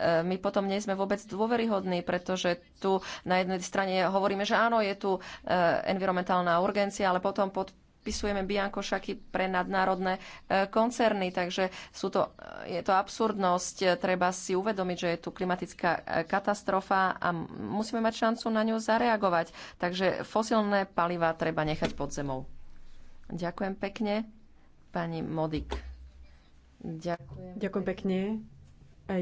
E, my potom nie sme vôbec dôveryhodní, pretože tu na jednej strane hovoríme, že áno, je tu e, environmentálna urgencia, ale potom pod bianko biankošaky pre nadnárodné e, koncerny, takže sú to, je to absurdnosť. Treba si uvedomiť, že je tu klimatická katastrofa a musíme mať šancu na ňu zareagovať. Takže fosilné paliva treba nechať pod zemou. Ďakujem pekne. Pani Modik. Ďakujem. Ďakujem pekne.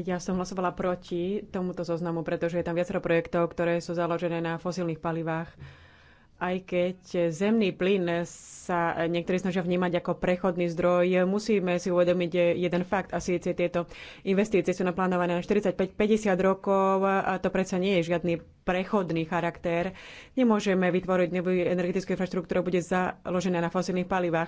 Ja som hlasovala proti tomuto zoznamu, pretože je tam viacero projektov, ktoré sú založené na fosílnych palivách aj keď zemný plyn sa niektorí snažia vnímať ako prechodný zdroj, musíme si uvedomiť jeden fakt a síce tieto investície sú naplánované na 45-50 rokov a to predsa nie je žiadny prechodný charakter. Nemôžeme vytvoriť novú energetickú infraštruktúru, bude založená na fosilných palivách.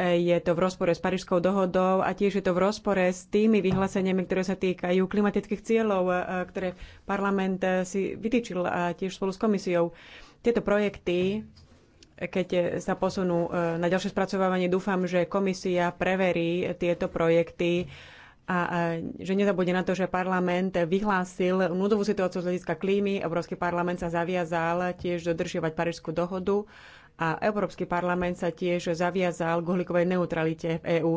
Je to v rozpore s Parížskou dohodou a tiež je to v rozpore s tými vyhláseniami, ktoré sa týkajú klimatických cieľov, ktoré parlament si vytýčil a tiež spolu s komisiou. Tieto projekty, keď sa posunú e, na ďalšie spracovávanie, dúfam, že komisia preverí tieto projekty a že nezabude na to, že parlament vyhlásil núdovú situáciu z hľadiska klímy, Európsky parlament sa zaviazal tiež dodržiavať Parížskú dohodu a Európsky parlament sa tiež zaviazal k uhlíkovej neutralite v EÚ.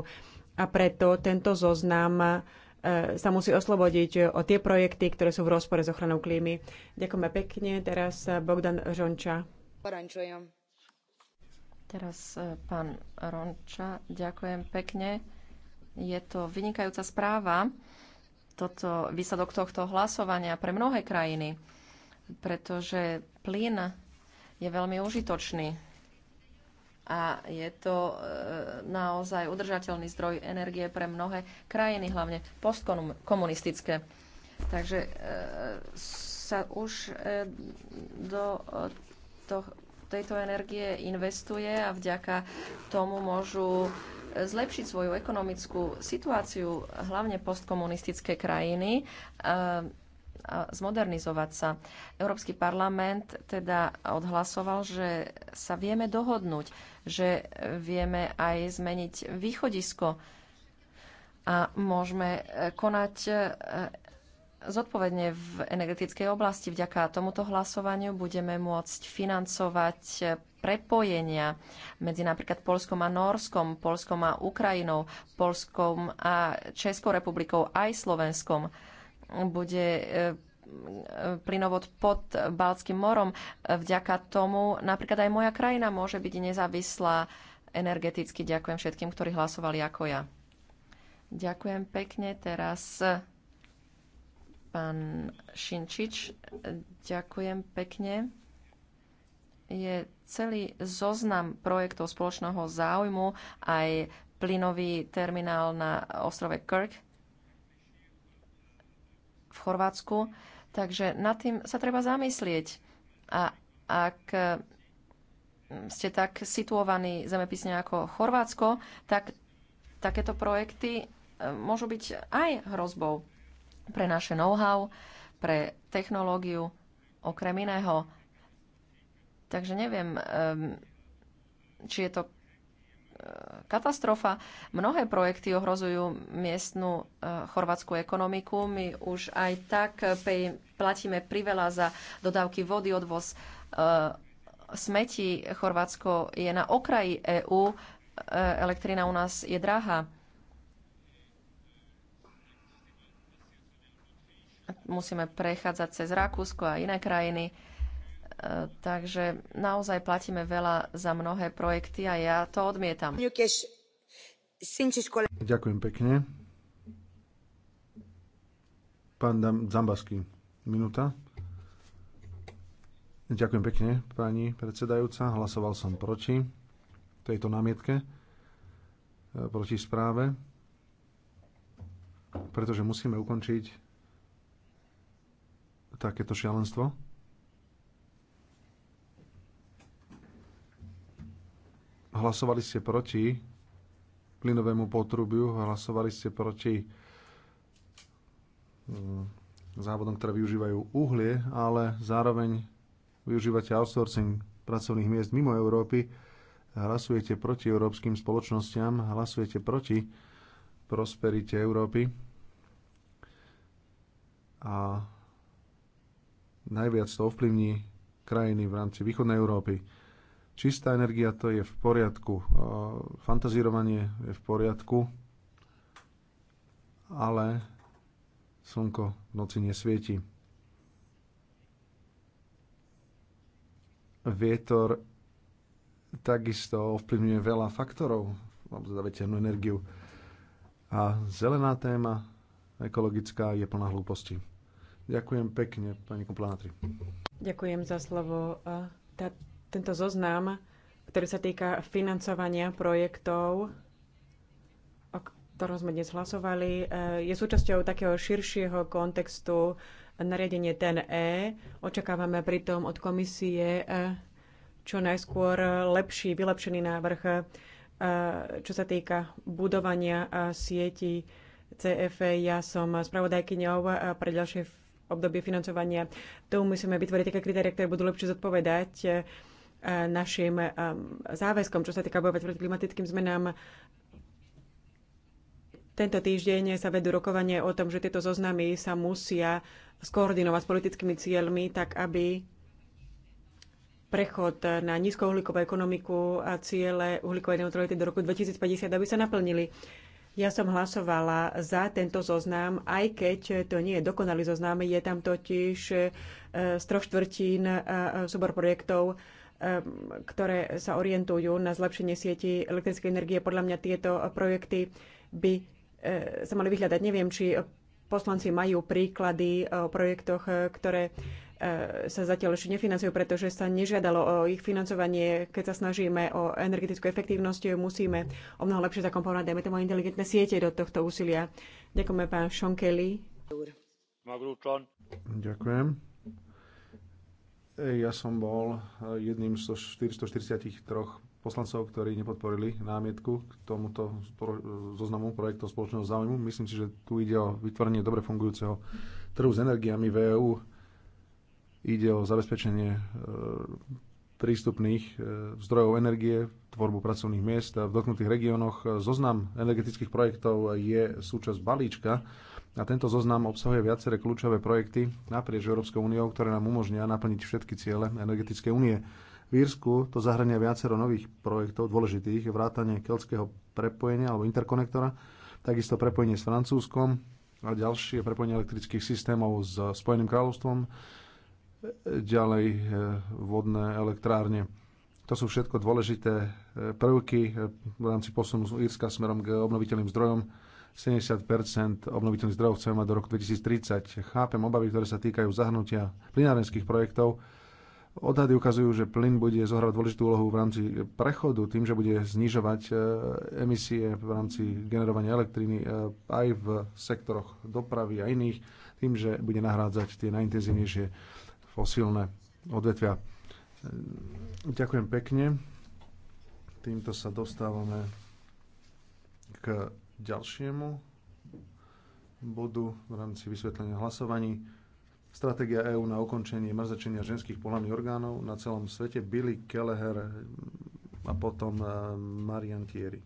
A preto tento zoznam E, sa musí oslobodiť e, o tie projekty, ktoré sú v rozpore s ochranou klímy. Ďakujeme pekne. Teraz e, Bogdan Žonča. Teraz pán Ronča, ďakujem pekne. Je to vynikajúca správa, toto, výsledok tohto hlasovania pre mnohé krajiny, pretože plyn je veľmi užitočný a je to e, naozaj udržateľný zdroj energie pre mnohé krajiny, hlavne postkomunistické. Takže e, sa už e, do to, tejto energie investuje a vďaka tomu môžu zlepšiť svoju ekonomickú situáciu, hlavne postkomunistické krajiny a zmodernizovať sa. Európsky parlament teda odhlasoval, že sa vieme dohodnúť, že vieme aj zmeniť východisko a môžeme konať e, zodpovedne v energetickej oblasti. Vďaka tomuto hlasovaniu budeme môcť financovať e, prepojenia medzi napríklad Polskom a Norskom, Polskom a Ukrajinou, Polskom a Českou republikou aj Slovenskom bude e, e, plynovod pod Balckým morom. Vďaka tomu napríklad aj moja krajina môže byť nezávislá energeticky. Ďakujem všetkým, ktorí hlasovali ako ja. Ďakujem pekne. Teraz pán Šinčič. Ďakujem pekne. Je celý zoznam projektov spoločného záujmu, aj plynový terminál na ostrove Kirk v Chorvátsku. Takže nad tým sa treba zamyslieť. A ak ste tak situovaní zemepisne ako Chorvátsko, tak takéto projekty e, môžu byť aj hrozbou pre naše know-how, pre technológiu, okrem iného. Takže neviem, e, či je to katastrofa. Mnohé projekty ohrozujú miestnu e, chorvátsku ekonomiku. My už aj tak platíme priveľa za dodávky vody, odvoz e, smeti Chorvátsko je na okraji EÚ. E, elektrina u nás je drahá. Musíme prechádzať cez Rakúsko a iné krajiny Takže naozaj platíme veľa za mnohé projekty a ja to odmietam. Ďakujem pekne. Pán Zambasky, minúta. Ďakujem pekne, pani predsedajúca. Hlasoval som proti tejto námietke, e, proti správe, pretože musíme ukončiť takéto šialenstvo. Hlasovali ste proti plynovému potrubiu, hlasovali ste proti mm, závodom, ktoré využívajú uhlie, ale zároveň využívate outsourcing pracovných miest mimo Európy, hlasujete proti európskym spoločnostiam, hlasujete proti prosperite Európy a najviac to ovplyvní krajiny v rámci východnej Európy. Čistá energia to je v poriadku, e, fantazírovanie je v poriadku, ale slnko v noci nesvieti. Vietor takisto ovplyvňuje veľa faktorov, mám teda veternú energiu. A zelená téma, ekologická, je plná hlúposti. Ďakujem pekne, pani Komplanatri. Ďakujem za slovo. E, tá tento zoznam, ktorý sa týka financovania projektov, o ktorom sme dnes hlasovali, eh, je súčasťou takého širšieho kontextu nariadenie TNE. Očakávame pritom od komisie eh, čo najskôr lepší, vylepšený návrh, eh, čo sa týka budovania sieti CFE. Ja som spravodajkyňou pre ďalšie obdobie financovania. Tu musíme vytvoriť také kritéria, ktoré budú lepšie zodpovedať našim ehm, záväzkom, čo sa týka bojovať proti klimatickým zmenám. Tento týždeň sa vedú rokovanie o tom, že tieto zoznamy sa musia skoordinovať s politickými cieľmi, tak aby prechod na nízkouhlíkovú ekonomiku a ciele uhlíkovej neutrality do roku 2050, aby sa naplnili. Ja som hlasovala za tento zoznam, aj keď to nie je dokonalý zoznam, je tam totiž e, z troch štvrtín e, e, súbor projektov, ktoré sa orientujú na zlepšenie sieti elektrickej energie. Podľa mňa tieto projekty by eh, sa mali vyhľadať. Neviem, či poslanci majú príklady o projektoch, eh, ktoré eh, sa zatiaľ ešte nefinancujú, pretože sa nežiadalo o ich financovanie. Keď sa snažíme o energetickú efektívnosť, musíme o mnoho lepšie zakomponovať, dajme tomu, inteligentné siete do tohto úsilia. Ďakujeme, pán Šonkeli. Ďakujem. Ja som bol eh, jedným zo 443 poslancov, ktorí nepodporili námietku k tomuto eh, zoznamu projektov spoločného záujmu. Myslím si, že tu ide o vytvorenie dobre fungujúceho trhu s energiami v EÚ. Ide o zabezpečenie eh, prístupných zdrojov energie, tvorbu pracovných miest v dotknutých regiónoch. Zoznam energetických projektov je súčasť balíčka, a tento zoznam obsahuje viaceré kľúčové projekty naprieč Európskou úniou, ktoré nám umožnia naplniť všetky ciele energetickej únie. V Írsku to zahrania viacero nových projektov dôležitých, vrátanie keľského prepojenia alebo interkonektora, takisto prepojenie s Francúzskom a ďalšie prepojenie elektrických systémov s Spojeným kráľovstvom, ďalej e, vodné elektrárne. To sú všetko dôležité e, prvky e, v rámci posunu Írska smerom k obnoviteľným zdrojom 70 obnoviteľných zdrojov chceme mať do roku 2030. Chápem obavy, ktoré sa týkajú zahrnutia plynárenských projektov. Odhady ukazujú, že plyn bude zohrávať dôležitú úlohu v rámci prechodu tým, že bude znižovať e, emisie v rámci generovania elektriny e, aj v sektoroch dopravy a iných, tým, že bude nahrádzať tie najintenzívnejšie fosílne odvetvia. E, ďakujem pekne. Týmto sa dostávame k ďalšiemu bodu v rámci vysvetlenia hlasovaní. Stratégia EÚ na ukončenie mrzačenia ženských pohľadných orgánov na celom svete. Billy Kelleher a potom eh, Marian Thierry.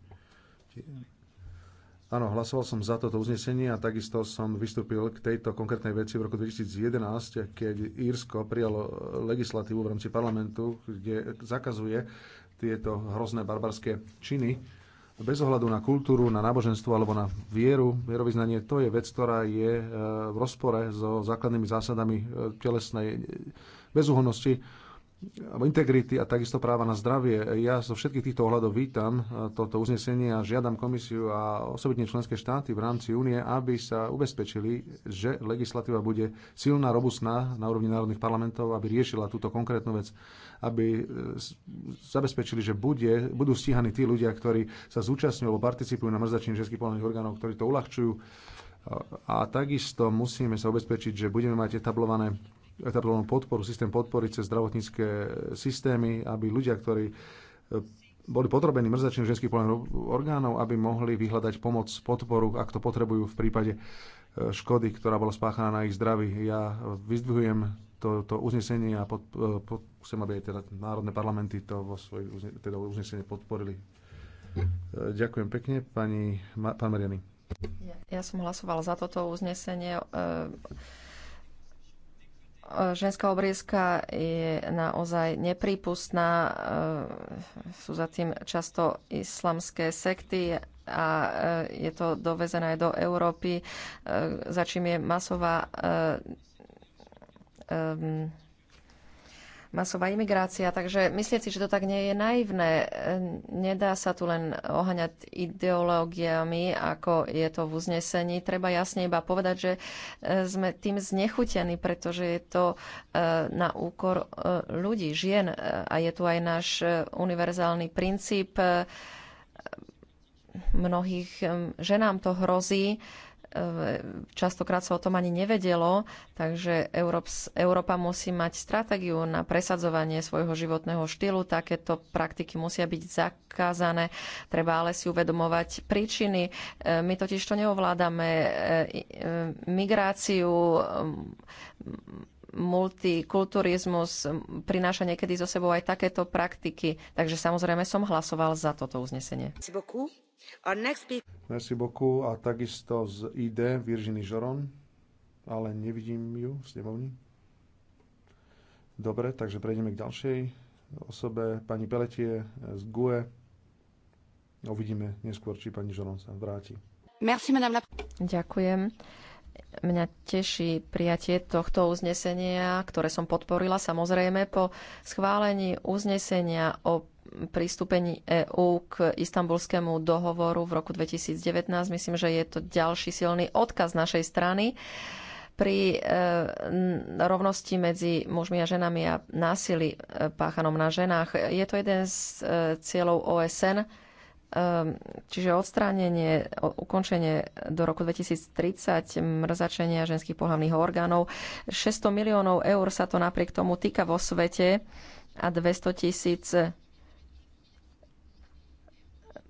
Áno, hlasoval som za toto uznesenie a takisto som vystúpil k tejto konkrétnej veci v roku 2011, keď Írsko prijalo legislatívu v rámci parlamentu, kde zakazuje tieto hrozné barbarské činy bez ohľadu na kultúru, na náboženstvo alebo na vieru, vierovýznanie, to je vec, ktorá je e, v rozpore so základnými zásadami e, telesnej bezúhonnosti integrity a takisto práva na zdravie. Ja zo všetkých týchto ohľadov vítam e, toto uznesenie a žiadam komisiu a osobitne členské štáty v rámci únie, aby sa ubezpečili, že legislatíva bude silná, robustná na úrovni národných parlamentov, aby riešila túto konkrétnu vec, aby e, zabezpečili, že bude, budú stíhaní tí ľudia, ktorí sa zúčastňujú alebo participujú na mrzačení ženských polovných orgánov, ktorí to uľahčujú. A takisto musíme sa ubezpečiť, že budeme mať etablované etablovanú teda podporu, systém podpory cez zdravotnícke systémy, aby ľudia, ktorí e, boli potrebení mrzačným ženských pohľadných orgánov, aby mohli vyhľadať pomoc, podporu, ak to potrebujú v prípade e, škody, ktorá bola spáchaná na ich zdraví. Ja vyzdvihujem to, to uznesenie a pod, e, pod, chcem, aby aj teda národné parlamenty to vo svoj, teda uznesenie podporili. Ďakujem pekne, pani, pán Mariany. Ja som hlasovala za toto uznesenie. E ženská obriezka je naozaj neprípustná. E, sú za tým často islamské sekty a e, je to dovezené aj do Európy, e, za čím je masová masová imigrácia. Takže myslím si, že to tak nie je naivné. E, nedá sa tu len ohaňať ideológiami, ako je to v uznesení. Treba jasne iba povedať, že e, sme tým znechutení, pretože je to e, na úkor ľudí, žien. A je tu aj náš univerzálny princíp. Mnohých ženám to hrozí E, častokrát sa o tom ani nevedelo, takže Európs, Európa musí mať stratégiu na presadzovanie svojho životného štýlu. Takéto praktiky musia byť zakázané. Treba ale si uvedomovať príčiny. E, my totiž to neovládame. E, migráciu, multikulturizmus prináša niekedy zo sebou aj takéto praktiky. Takže samozrejme som hlasoval za toto uznesenie. Merci beaucoup. A takisto z ID Virginie Žoron, ale nevidím ju v snemovni. Dobre, takže prejdeme k ďalšej osobe, pani Peletie z GUE. Uvidíme neskôr, či pani Žoron sa vráti. Merci, madame la... Ďakujem. Mňa teší prijatie tohto uznesenia, ktoré som podporila samozrejme po schválení uznesenia o pristúpení EÚ k istambulskému dohovoru v roku 2019. Myslím, že je to ďalší silný odkaz našej strany pri e, rovnosti medzi mužmi a ženami a násilí e, páchanom na ženách. Je to jeden z e, cieľov OSN Ehm, čiže odstránenie, ukončenie do roku 2030 mrzačenia ženských pohľavných orgánov. 600 miliónov eur sa to napriek tomu týka vo svete a 200 tisíc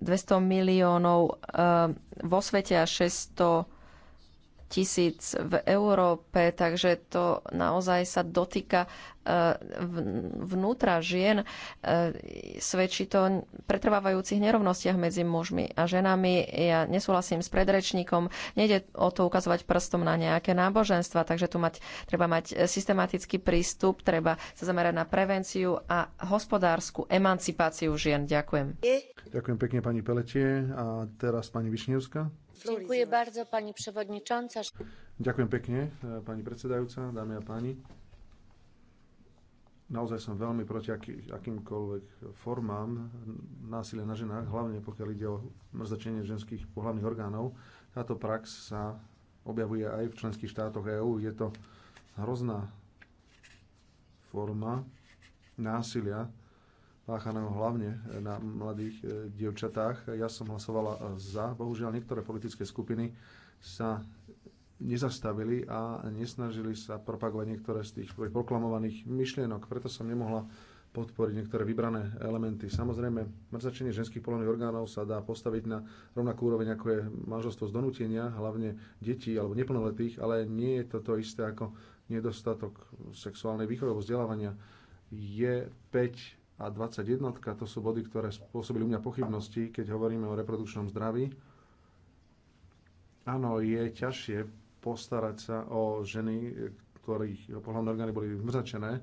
200 miliónov ehm, vo svete a 600 tisíc v Európe, takže to naozaj sa dotýka e, vnútra žien. E, svedčí to pretrvávajúcich nerovnostiach medzi mužmi a ženami. Ja nesúhlasím s predrečníkom. Nejde o to ukazovať prstom na nejaké náboženstva, takže tu mať, treba mať systematický prístup, treba sa zamerať na prevenciu a hospodárskú emancipáciu žien. Ďakujem. Ďakujem pekne pani Peletie a teraz pani Višňovská. Ďakujem bardzo, pani przewodnicząca. Ďakujem pekne, e, pani predsedajúca, dámy a páni. Naozaj som veľmi proti aký, akýmkoľvek formám násilia na ženách, hlavne pokiaľ ide o mrzačenie ženských pohľavných orgánov. Táto prax sa objavuje aj v členských štátoch EÚ. Je to hrozná forma násilia, páchaného hlavne e, na mladých e, dievčatách. Ja som hlasovala e, za. Bohužiaľ, niektoré politické skupiny sa nezastavili a nesnažili sa propagovať niektoré z tých proklamovaných myšlienok. Preto som nemohla podporiť niektoré vybrané elementy. Samozrejme, mrzačenie ženských polovných orgánov sa dá postaviť na rovnakú úroveň, ako je manželstvo z donútenia, hlavne detí alebo neplnoletých, ale nie je to to isté ako nedostatok sexuálnej výchovy alebo vzdelávania. Je 5 a 21, to sú body, ktoré spôsobili u mňa pochybnosti, keď hovoríme o reprodukčnom zdraví. Áno, je ťažšie postarať sa o ženy, ktorých pohľadné orgány boli mrzačené e,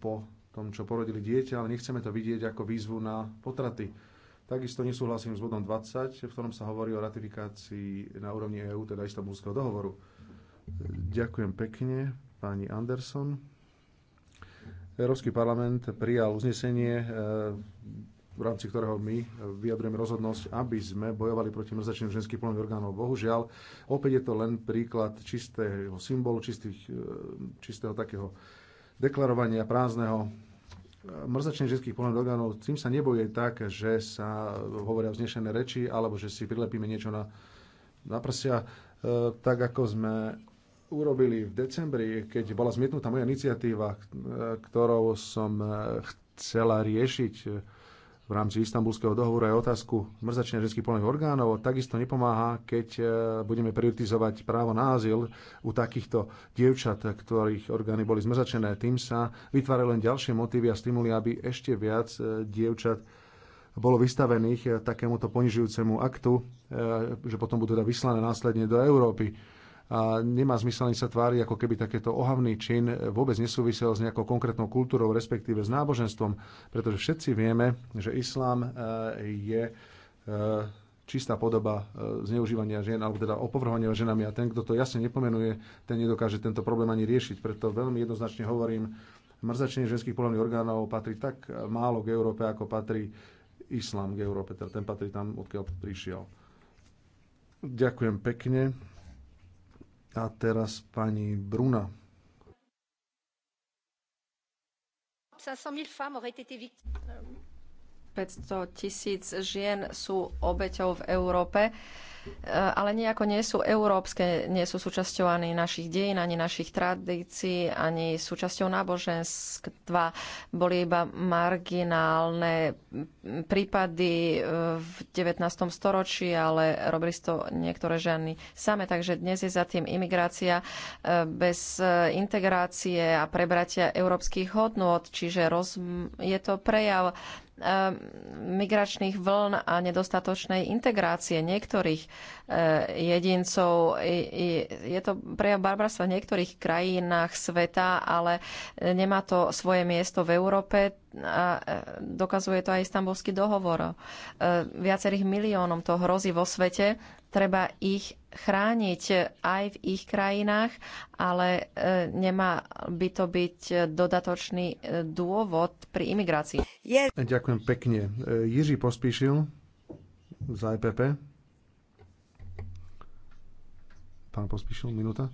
po tom, čo porodili dieťa, ale nechceme to vidieť ako výzvu na potraty. Takisto nesúhlasím s bodom 20, v ktorom sa hovorí o ratifikácii na úrovni EÚ, teda istambulského dohovoru. Ďakujem pekne, pani Anderson. Európsky parlament prijal uznesenie, e, v rámci ktorého my vyjadrujeme rozhodnosť, aby sme bojovali proti mrzačným ženských plných orgánov. Bohužiaľ, opäť je to len príklad čistého symbolu, čistých, e, čistého takého deklarovania prázdneho. Mrzačných ženských plných orgánov, tým sa neboje tak, že sa hovoria vznešené reči, alebo že si prilepíme niečo na, na prsia, e, tak ako sme urobili v decembri, keď bola zmietnutá moja iniciatíva, ktorou som e, chcela riešiť e, v rámci istambulského dohovoru aj otázku mrzačenia ženských polných orgánov. Takisto nepomáha, keď e, budeme prioritizovať právo na azyl u takýchto dievčat, ktorých orgány boli zmrzačené. Tým sa vytvárajú len ďalšie motívy a stimuli, aby ešte viac dievčat bolo vystavených takémuto ponižujúcemu aktu, že potom budú teda vyslané následne do Európy a nemá zmysel ani sa tvári, ako keby takéto ohavný čin vôbec nesúvisel s nejakou konkrétnou kultúrou, respektíve s náboženstvom, pretože všetci vieme, že islám e, je e, čistá podoba e, zneužívania žien, alebo teda opovrhovania ženami a ten, kto to jasne nepomenuje, ten nedokáže tento problém ani riešiť. Preto veľmi jednoznačne hovorím, mrzačenie ženských pohľadných orgánov patrí tak málo k Európe, ako patrí islám k Európe, teda ten patrí tam, odkiaľ prišiel. Ďakujem pekne. A teraz pani Bruna. Um. 500 tisíc žien sú obeťou v Európe Eh, ale nejako nie sú európske, nie sú súčasťou ani našich dejín, ani našich tradícií, ani súčasťou náboženstva. Boli iba marginálne prípady eh, v 19. storočí, ale robili to niektoré ženy same, takže dnes je za tým imigrácia eh, bez integrácie a prebratia európskych hodnôt, čiže roz... je to prejav Eh, migračných vln a nedostatočnej integrácie niektorých eh, jedincov. Je to prejav barbarstva v niektorých krajinách sveta, ale eh, nemá to svoje miesto v Európe. A dokazuje to aj istambulský dohovor. Viacerých miliónom to hrozí vo svete treba ich chrániť aj v ich krajinách, ale e, nemá by to byť dodatočný e, dôvod pri imigrácii. Ďakujem pekne. E, Jiří Pospíšil za EPP. Pán Pospíšil, minúta.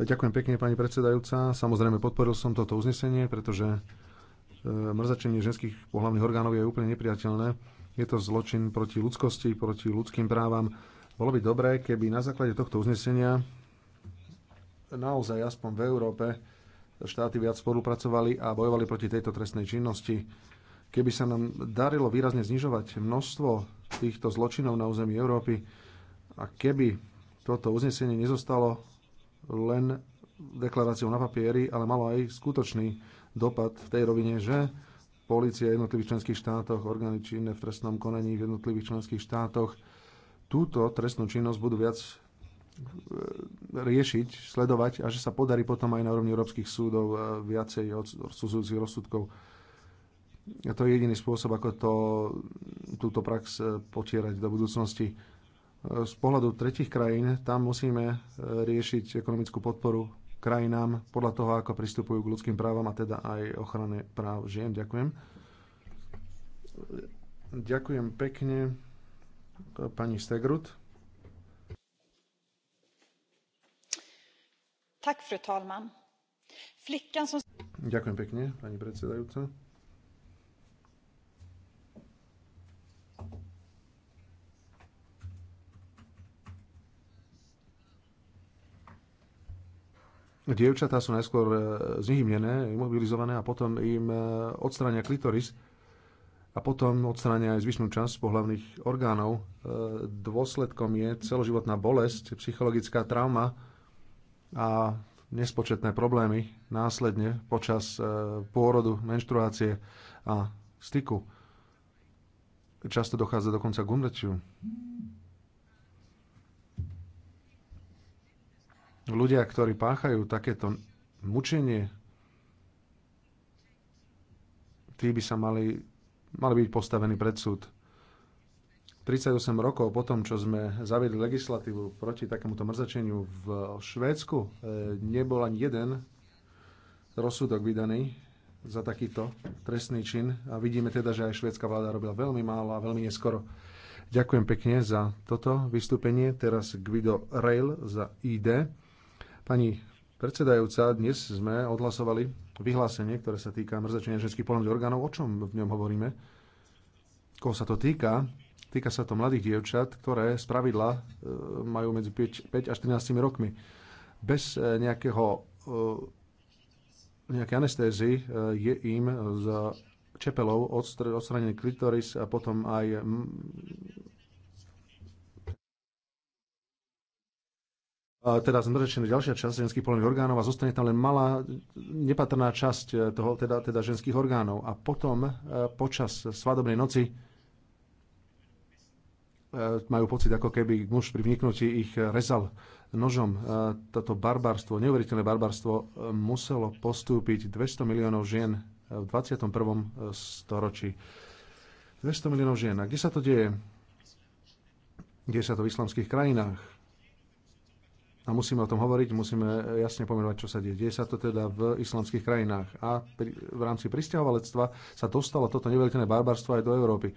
Ďakujem pekne, pani predsedajúca. Samozrejme, podporil som toto uznesenie, pretože mrzačenie ženských pohľavných orgánov je úplne nepriateľné. Je to zločin proti ľudskosti, proti ľudským právam bolo by dobré, keby na základe tohto uznesenia naozaj aspoň v Európe štáty viac spolupracovali a bojovali proti tejto trestnej činnosti. Keby sa nám darilo výrazne znižovať množstvo týchto zločinov na území Európy a keby toto uznesenie nezostalo len deklaráciou na papieri, ale malo aj skutočný dopad v tej rovine, že policia jednotlivých členských štátoch, orgány činné v trestnom konaní v jednotlivých členských štátoch túto trestnú činnosť budú viac e, riešiť, sledovať a že sa podarí potom aj na úrovni európskych súdov e, viacej odsudzujúcich rozsudkov. A to je jediný spôsob, ako to, túto prax e, potierať do budúcnosti. Z pohľadu tretich krajín, tam musíme riešiť ekonomickú podporu krajinám podľa toho, ako pristupujú k ľudským právam a teda aj ochrane práv žien. Ďakujem. Ďakujem pekne pani Stegrud. Tak, fru talman. Flickan som... Ďakujem pekne, pani predsedajúca. Dievčatá sú najskôr e, znihymnené, imobilizované a potom im e, odstrania klitoris a potom odstránia aj zvyšnú časť pohľavných orgánov. E, dôsledkom je celoživotná bolesť, psychologická trauma a nespočetné problémy následne počas e, pôrodu, menštruácie a styku. Často dochádza dokonca k umrťu. Ľudia, ktorí páchajú takéto mučenie, tí by sa mali mali byť postavení pred súd. 38 rokov po tom, čo sme zaviedli legislatívu proti takémuto mrzačeniu v Švédsku, e, nebol ani jeden rozsudok vydaný za takýto trestný čin. A vidíme teda, že aj švédska vláda robila veľmi málo a veľmi neskoro. Ďakujem pekne za toto vystúpenie. Teraz Guido Rail za ID. Pani predsedajúca, dnes sme odhlasovali vyhlásenie, ktoré sa týka mrzačenia ženských pohľadných orgánov. O čom v ňom hovoríme? Koho sa to týka? Týka sa to mladých dievčat, ktoré z pravidla e, majú medzi 5, 5 až 13 rokmi. Bez e, nejakého, e, nejaké anestézy je im z čepelov odstranený klitoris a potom aj teda zmrzačená ďalšia časť ženských polných orgánov a zostane tam len malá nepatrná časť toho, teda, teda ženských orgánov. A potom e, počas svadobnej noci e, majú pocit, ako keby muž pri vniknutí ich rezal nožom. E, toto barbarstvo, neuveriteľné barbarstvo muselo postúpiť 200 miliónov žien v 21. storočí. 200 miliónov žien. A kde sa to deje? Deje sa to v islamských krajinách a musíme o tom hovoriť, musíme jasne pomenovať, čo sa deje. Deje sa to teda v islamských krajinách a pri, v rámci pristahovalectva sa dostalo toto neveľké barbarstvo aj do Európy.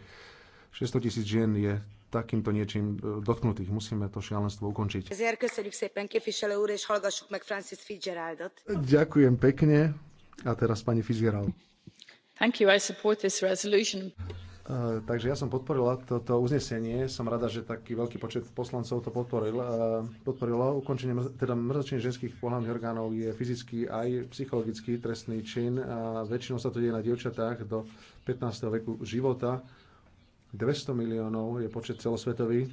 600 tisíc žien je takýmto niečím e, dotknutých. Musíme to šialenstvo ukončiť. Ďakujem pekne. A teraz pani Fitzgerald. Thank you. I support this resolution. Eh, takže ja som podporila toto uznesenie. Som rada, že taký veľký počet poslancov to podporil, eh, podporilo. Ukončenie, teda mrzačenie ženských pohľadných orgánov je fyzický aj psychologický trestný čin. A väčšinou sa to deje na dievčatách do 15. veku života. 200 miliónov je počet celosvetový.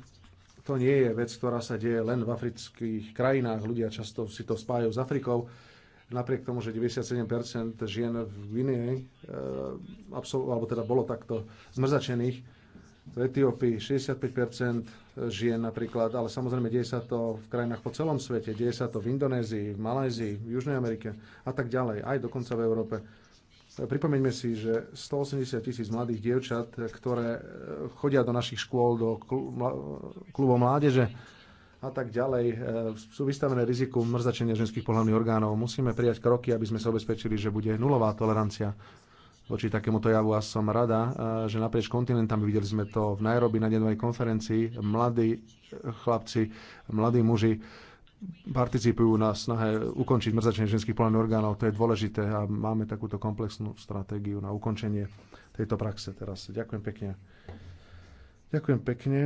To nie je vec, ktorá sa deje len v afrických krajinách. Ľudia často si to spájajú s Afrikou Napriek tomu, že 97% žien v uh, alebo teda bolo takto zmrzačených, v Etiópii 65% žien napríklad, ale samozrejme deje sa to v krajinách po celom svete, deje sa to v Indonézii, v Malajzii, v Južnej Amerike a tak ďalej, aj dokonca v Európe. Pripomeňme si, že 180 tisíc mladých dievčat, ktoré e, chodia do našich škôl, do klubov mládeže, a tak ďalej e, sú vystavené riziku mrzačenia ženských pohľavných orgánov. Musíme prijať kroky, aby sme sa obezpečili, že bude nulová tolerancia voči takémuto javu a som rada, e, že naprieč kontinentami, videli sme to v Nairobi na dennej konferencii, mladí chlapci, mladí muži participujú na snahe ukončiť mrzačenie ženských pohľadných orgánov. To je dôležité a máme takúto komplexnú stratégiu na ukončenie tejto praxe teraz. Ďakujem pekne. Ďakujem pekne.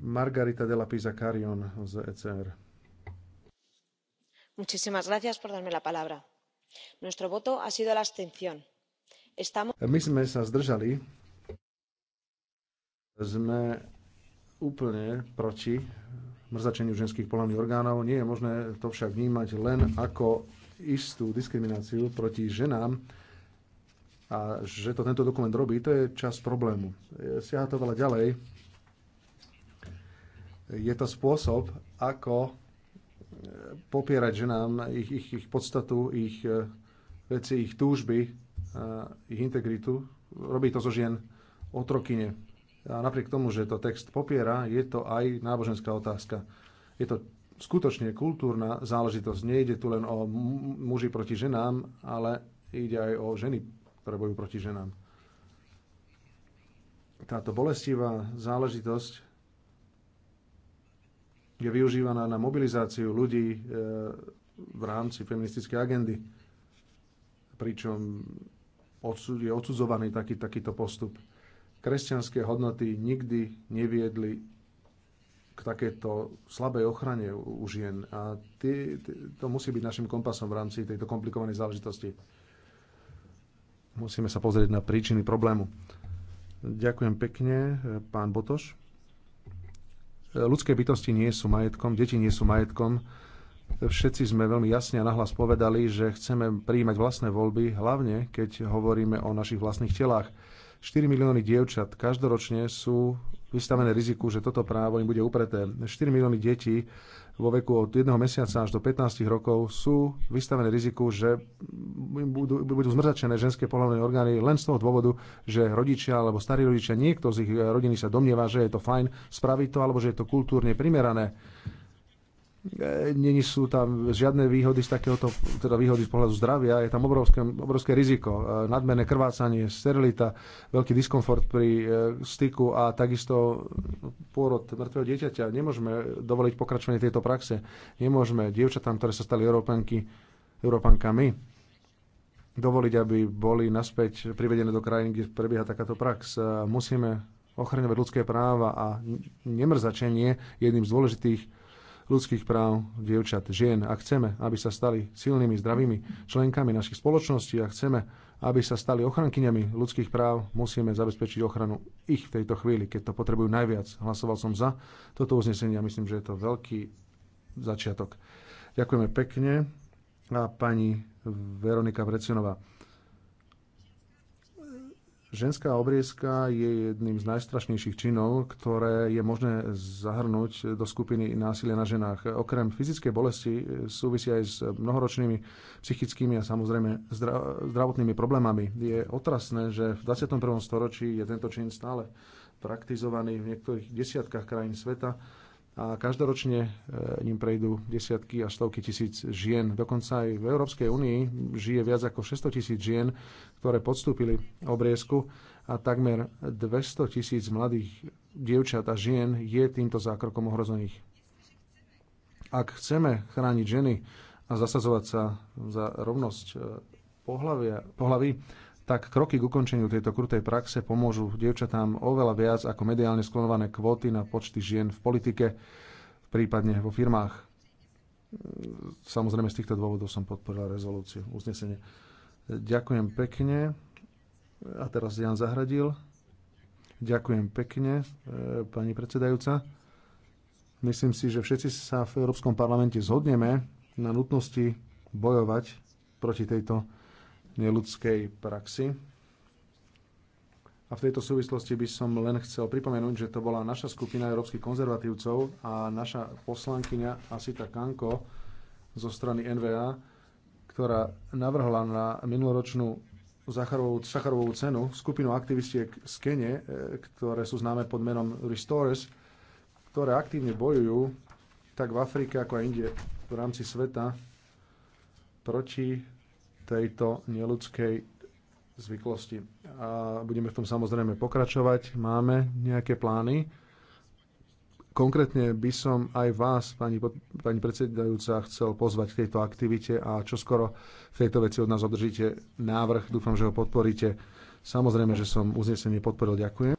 Margarita de la Pisa Carion z ECR. Muchísimas gracias por darme la palabra. Nuestro voto ha sido la abstención. Estamos... My sme sa zdržali. Sme úplne proti mrzačeniu ženských polovných orgánov. Nie je možné to však vnímať len ako istú diskrimináciu proti ženám a že to tento dokument robí, to je čas problému. Siaha to veľa ďalej, je to spôsob, ako e, popierať ženám ich, ich, ich podstatu, ich e, veci, ich túžby, e, ich integritu. Robí to zo žien otrokyne. A napriek tomu, že to text popiera, je to aj náboženská otázka. Je to skutočne kultúrna záležitosť. Nejde tu len o muži proti ženám, ale ide aj o ženy, ktoré bojujú proti ženám. Táto bolestivá záležitosť je využívaná na mobilizáciu ľudí e, v rámci feministickej agendy. Pričom je odsudzovaný taký, takýto postup. Kresťanské hodnoty nikdy neviedli k takéto slabej ochrane u žien. A ty, ty, to musí byť našim kompasom v rámci tejto komplikovanej záležitosti. Musíme sa pozrieť na príčiny problému. Ďakujem pekne, e, pán Botoš ľudské bytosti nie sú majetkom, deti nie sú majetkom. Všetci sme veľmi jasne a nahlas povedali, že chceme prijímať vlastné voľby, hlavne keď hovoríme o našich vlastných telách. 4 milióny dievčat každoročne sú vystavené riziku, že toto právo im bude upreté. 4 milióny detí vo veku od 1 mesiaca až do 15 rokov sú vystavené riziku, že im budú, budú zmrzačené ženské pohľadné orgány len z toho dôvodu, že rodičia alebo starí rodičia, niekto z ich rodiny sa domnieva, že je to fajn spraviť to, alebo že je to kultúrne primerané E, není sú tam žiadne výhody z takéhoto, teda výhody z pohľadu zdravia, je tam obrovské, obrovské riziko, e, nadmerné krvácanie, sterilita, veľký diskomfort pri e, styku a takisto pôrod mŕtvého dieťaťa. Nemôžeme dovoliť pokračovanie tejto praxe. Nemôžeme dievčatám, ktoré sa stali Európanky, Európankami, dovoliť, aby boli naspäť privedené do krajín, kde prebieha takáto prax. Musíme ochraňovať ľudské práva a nemrzačenie je jedným z dôležitých ľudských práv dievčat, žien. Ak chceme, aby sa stali silnými, zdravými členkami našich spoločností a chceme, aby sa stali ochrankyňami ľudských práv, musíme zabezpečiť ochranu ich v tejto chvíli, keď to potrebujú najviac. Hlasoval som za toto uznesenie a myslím, že je to veľký začiatok. Ďakujeme pekne. A pani Veronika Vrecinová. Ženská obriezka je jedným z najstrašnejších činov, ktoré je možné zahrnúť do skupiny násilia na ženách. Okrem fyzickej bolesti e, súvisí aj s mnohoročnými psychickými a samozrejme zdravotnými problémami. Je otrasné, že v 21. storočí je tento čin stále praktizovaný v niektorých desiatkách krajín sveta a každoročne e, ním prejdú desiatky až stovky tisíc žien. Dokonca aj v Európskej únii žije viac ako 600 tisíc žien, ktoré podstúpili obriezku a takmer 200 tisíc mladých dievčat a žien je týmto zákrokom ohrozených. Ak chceme chrániť ženy a zasazovať sa za rovnosť e, pohlavia, tak kroky k ukončeniu tejto krutej praxe pomôžu dievčatám oveľa viac ako mediálne sklonované kvóty na počty žien v politike, prípadne vo firmách. Samozrejme z týchto dôvodov som podporil rezolúciu, uznesenie. Ďakujem pekne. A teraz Jan Zahradil. Ďakujem pekne, e, pani predsedajúca. Myslím si, že všetci sa v Európskom parlamente zhodneme na nutnosti bojovať proti tejto neludskej praxi. A v tejto súvislosti by som len chcel pripomenúť, že to bola naša skupina európskych konzervatívcov a naša poslankyňa Asita Kanko zo strany NVA, ktorá navrhla na minuloročnú zacharovú Sacharovú cenu skupinu aktivistiek z Kene, e, ktoré sú známe pod menom Restores, ktoré aktívne bojujú tak v Afrike ako aj inde v rámci sveta proti tejto neludskej zvyklosti. A budeme v tom samozrejme pokračovať. Máme nejaké plány. Konkrétne by som aj vás, pani, pani predsedajúca, chcel pozvať k tejto aktivite a čo skoro v tejto veci od nás održíte návrh. Dúfam, že ho podporíte. Samozrejme, že som uznesenie podporil. Ďakujem.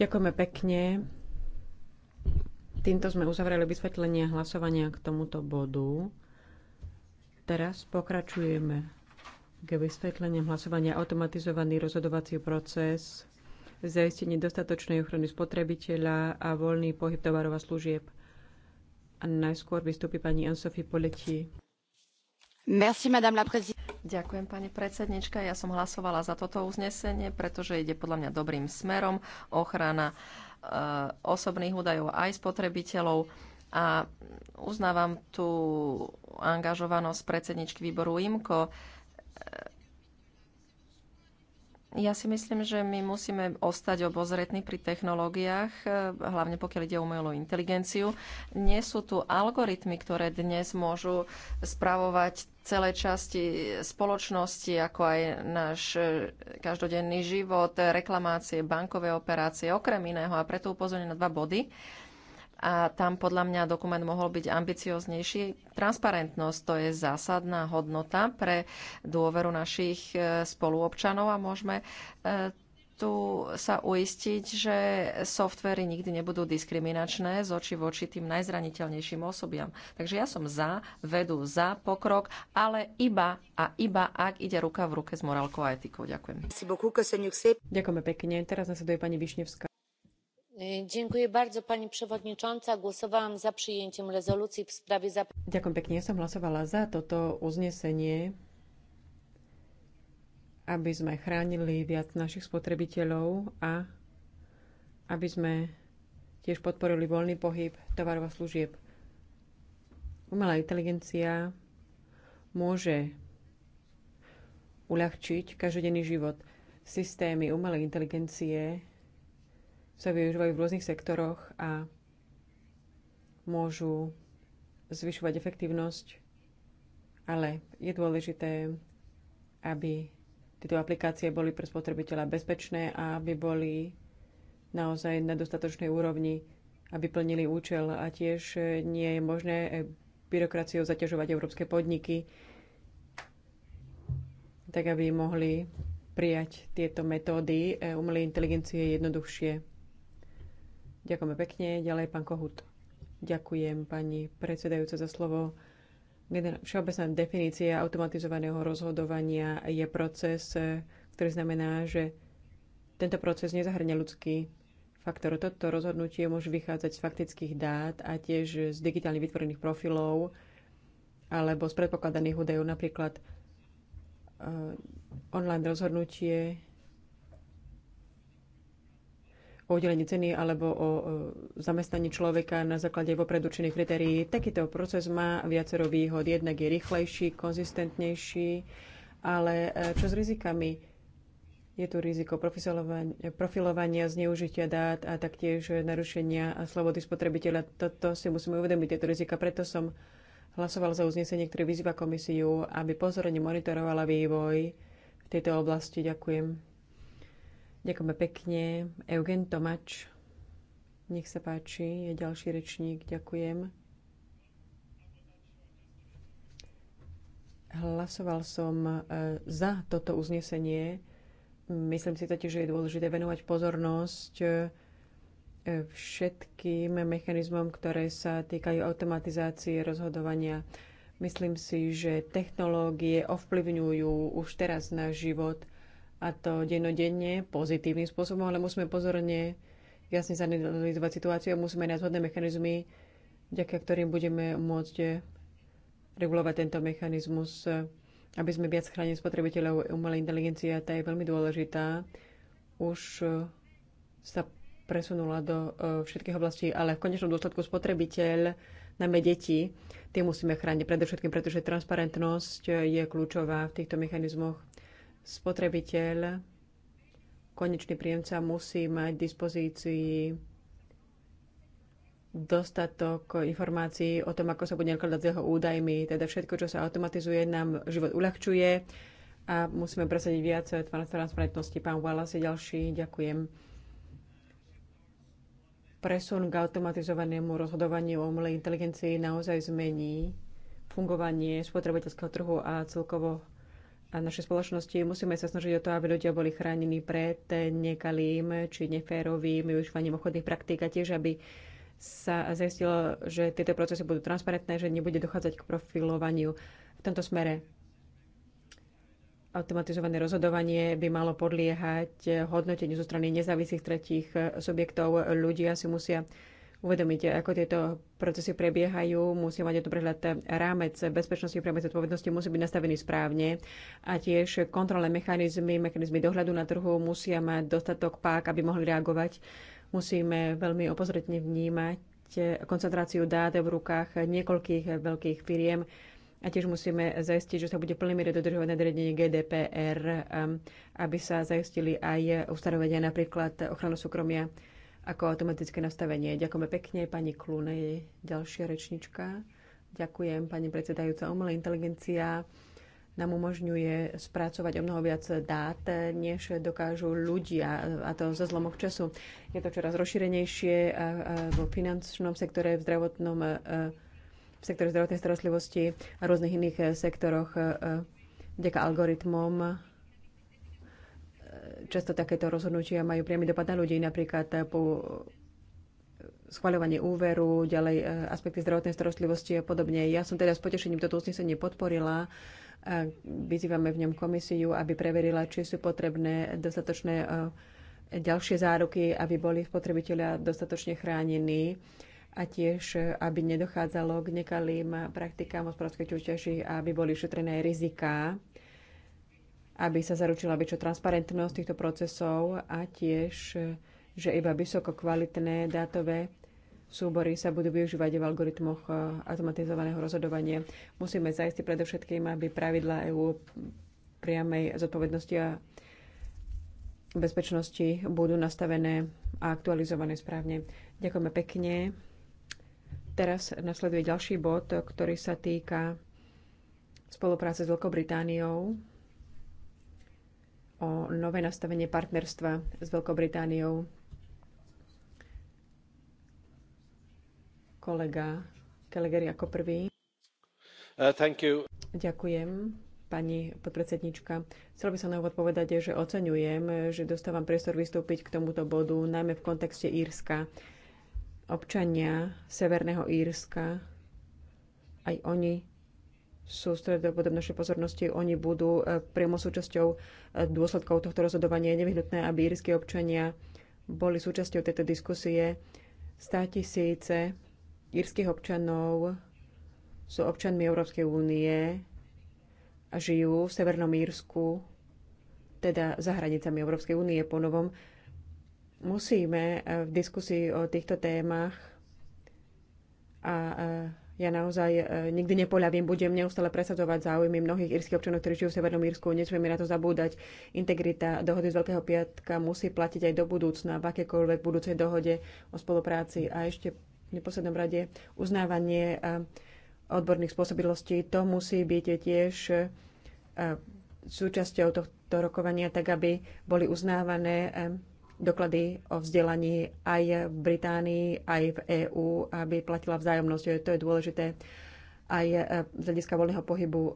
Ďakujeme pekne. Týmto sme uzavreli vysvetlenie hlasovania k tomuto bodu. Teraz pokračujeme k vysvetleniam hlasovania automatizovaný rozhodovací proces, zaistenie dostatočnej ochrany spotrebiteľa a voľný pohyb tovarov a služieb. A najskôr vystúpi pani Ansofie Poletí. Merci, madame la Ďakujem, pani predsednička. Ja som hlasovala za toto uznesenie, pretože ide podľa mňa dobrým smerom. Ochrana e, osobných údajov aj spotrebiteľov a uznávam tú angažovanosť predsedničky výboru IMKO. Ja si myslím, že my musíme ostať obozretní pri technológiách, hlavne pokiaľ ide o umelú inteligenciu. Nie sú tu algoritmy, ktoré dnes môžu spravovať celé časti spoločnosti, ako aj náš e, každodenný život, reklamácie, bankové operácie, okrem iného. A preto upozorňujem na dva body a tam podľa mňa dokument mohol byť ambicioznejší. Transparentnosť to je zásadná hodnota pre dôveru našich e, spoluobčanov a môžeme e, tu sa uistiť, že softvery nikdy nebudú diskriminačné z oči voči tým najzraniteľnejším osobiam. Takže ja som za, vedú za pokrok, ale iba a iba, ak ide ruka v ruke s morálkou a etikou. Ďakujem. Ďakujeme pekne. Teraz nasleduje pani Višnevská pani predsedajúca głosowałam za przyjęciem rezolúcie v správe. ďakujem pekne ja som hlasovala za toto uznesenie aby sme chránili viac našich spotrebiteľov a aby sme tiež podporili voľný pohyb tovarov a služieb. Umelá inteligencia môže uľahčiť každodenný život. Systémy umelej inteligencie sa využívajú v rôznych sektoroch a môžu zvyšovať efektívnosť, ale je dôležité, aby tieto aplikácie boli pre spotrebiteľa bezpečné a aby boli naozaj na dostatočnej úrovni, aby plnili účel a tiež e, nie je možné e, byrokraciou zaťažovať európske podniky, tak aby mohli prijať tieto metódy e, umelej inteligencie jednoduchšie. Ďakujeme pekne. Ďalej pán Kohut. Ďakujem pani predsedajúca za slovo. Všeobecná definícia automatizovaného rozhodovania je proces, eh, ktorý znamená, že tento proces nezahrňa ľudský faktor. Toto rozhodnutie môže vychádzať z faktických dát a tiež z digitálne vytvorených profilov alebo z predpokladaných údajov, napríklad eh, online rozhodnutie o udelenie ceny alebo o e, zamestnaní človeka na základe vopred určených kritérií. Takýto proces má viacero výhod. Jednak je rýchlejší, konzistentnejší, ale e, čo s rizikami? Je tu riziko profilovania, zneužitia dát a taktiež narušenia slobody spotrebiteľa. Toto si musíme uvedomiť, tieto rizika. Preto som hlasoval za uznesenie, ktoré vyzýva komisiu, aby pozorne monitorovala vývoj v tejto oblasti. Ďakujem. Ďakujeme pekne. Eugen Tomač, nech sa páči, je ďalší rečník. Ďakujem. Hlasoval som e, za toto uznesenie. Myslím si totiž, že je dôležité venovať pozornosť e, všetkým mechanizmom, ktoré sa týkajú automatizácie rozhodovania. Myslím si, že technológie ovplyvňujú už teraz náš život a to dennodenne pozitívnym spôsobom, ale musíme pozorne jasne zanalizovať situáciu a musíme nájsť vhodné mechanizmy, vďaka ktorým budeme môcť regulovať tento mechanizmus, aby sme viac chránili spotrebiteľov. Umelá inteligencia, tá je veľmi dôležitá. Už sa presunula do e, všetkých oblastí, ale v konečnom dôsledku spotrebiteľ, najmä deti, tie musíme chrániť predovšetkým, pretože transparentnosť je kľúčová v týchto mechanizmoch spotrebiteľ, konečný príjemca musí mať dispozícii dostatok informácií o tom, ako sa bude nakladať s jeho údajmi. Teda všetko, čo sa automatizuje, nám život uľahčuje a musíme presadiť viac transparentnosti. Pán Wallace je ďalší. Ďakujem. Presun k automatizovanému rozhodovaniu o umelej inteligencii naozaj zmení fungovanie spotrebiteľského trhu a celkovo a naše spoločnosti musíme sa snažiť o to, aby ľudia boli chránení pred nekalým či neférovým využívaním obchodných praktík a tiež, aby sa zistilo, že tieto procesy budú transparentné, že nebude dochádzať k profilovaniu v tomto smere. Automatizované rozhodovanie by malo podliehať hodnoteniu zo strany nezávislých tretích subjektov. Ľudia si musia uvedomiť, ako tieto procesy prebiehajú. Musí mať dobrý hľad rámec bezpečnosti, rámec zodpovednosti musí byť nastavený správne a tiež kontrolné mechanizmy, mechanizmy dohľadu na trhu musia mať dostatok pák, aby mohli reagovať. Musíme veľmi opozretne vnímať koncentráciu dát v rukách niekoľkých veľkých firiem, a tiež musíme zaistiť, že sa bude plný miere dodržovať nariadenie GDPR, um, aby sa zaistili aj ustanovenia napríklad ochranu súkromia ako automatické nastavenie. Ďakujeme pekne pani Klunej, ďalšia rečnička. Ďakujem pani predsedajúca. Umelá inteligencia nám umožňuje spracovať o mnoho viac dát, než dokážu ľudia, a to za zlomok času. Je to čoraz rozšírenejšie vo finančnom sektore, v zdravotnom v sektore zdravotnej starostlivosti a rôznych iných sektoroch vďaka algoritmom často takéto rozhodnutia majú priamy dopad na ľudí, napríklad eh, po schváľovanie úveru, ďalej eh, aspekty zdravotnej starostlivosti a podobne. Ja som teda s potešením toto uznesenie podporila. Eh, vyzývame v ňom komisiu, aby preverila, či sú potrebné dostatočné ďalšie záruky, aby boli spotrebitelia dostatočne chránení a tiež, aby nedochádzalo k nekalým praktikám hospodárskej súťaži a aby boli šetrené rizika aby sa zaručila väčšia transparentnosť týchto procesov a tiež, že iba vysoko kvalitné dátové súbory sa budú využívať v algoritmoch eh, automatizovaného rozhodovania. Musíme zaistiť predovšetkým, aby pravidla EU priamej zodpovednosti a bezpečnosti budú nastavené a aktualizované správne. Ďakujeme pekne. Teraz nasleduje ďalší bod, ktorý sa týka spolupráce s Veľkou Britániou o nové nastavenie partnerstva s Veľkou Britániou. Kolega Kelleger ako prvý. Uh, thank you. Ďakujem, pani podpredsednička. Chcel by som na úvod povedať, že oceňujem, že dostávam priestor vystúpiť k tomuto bodu, najmä v kontexte Írska. Občania Severného Írska, aj oni sú stredobodom našej pozornosti. Oni budú e, priamo súčasťou e, dôsledkov tohto rozhodovania. Je nevyhnutné, aby írsky občania boli súčasťou tejto diskusie. 100 tisíce írskych občanov sú občanmi Európskej únie a žijú v Severnom Írsku, teda za hranicami Európskej únie po novom. Musíme e, v diskusii o týchto témach a ja naozaj e, nikdy nepoľavím, budem neustále presadzovať záujmy mnohých írskych občanov, ktorí žijú v Severnom Írsku. Nesmieme na to zabúdať. Integrita dohody z Veľkého piatka musí platiť aj do budúcna, v akékoľvek budúcej dohode o spolupráci. A ešte v neposlednom rade uznávanie e, odborných spôsobilostí. To musí byť tiež e, súčasťou tohto rokovania, tak aby boli uznávané doklady o vzdelaní aj v Británii, aj v EÚ, aby platila vzájomnosť. To je dôležité aj e, z hľadiska voľného pohybu e,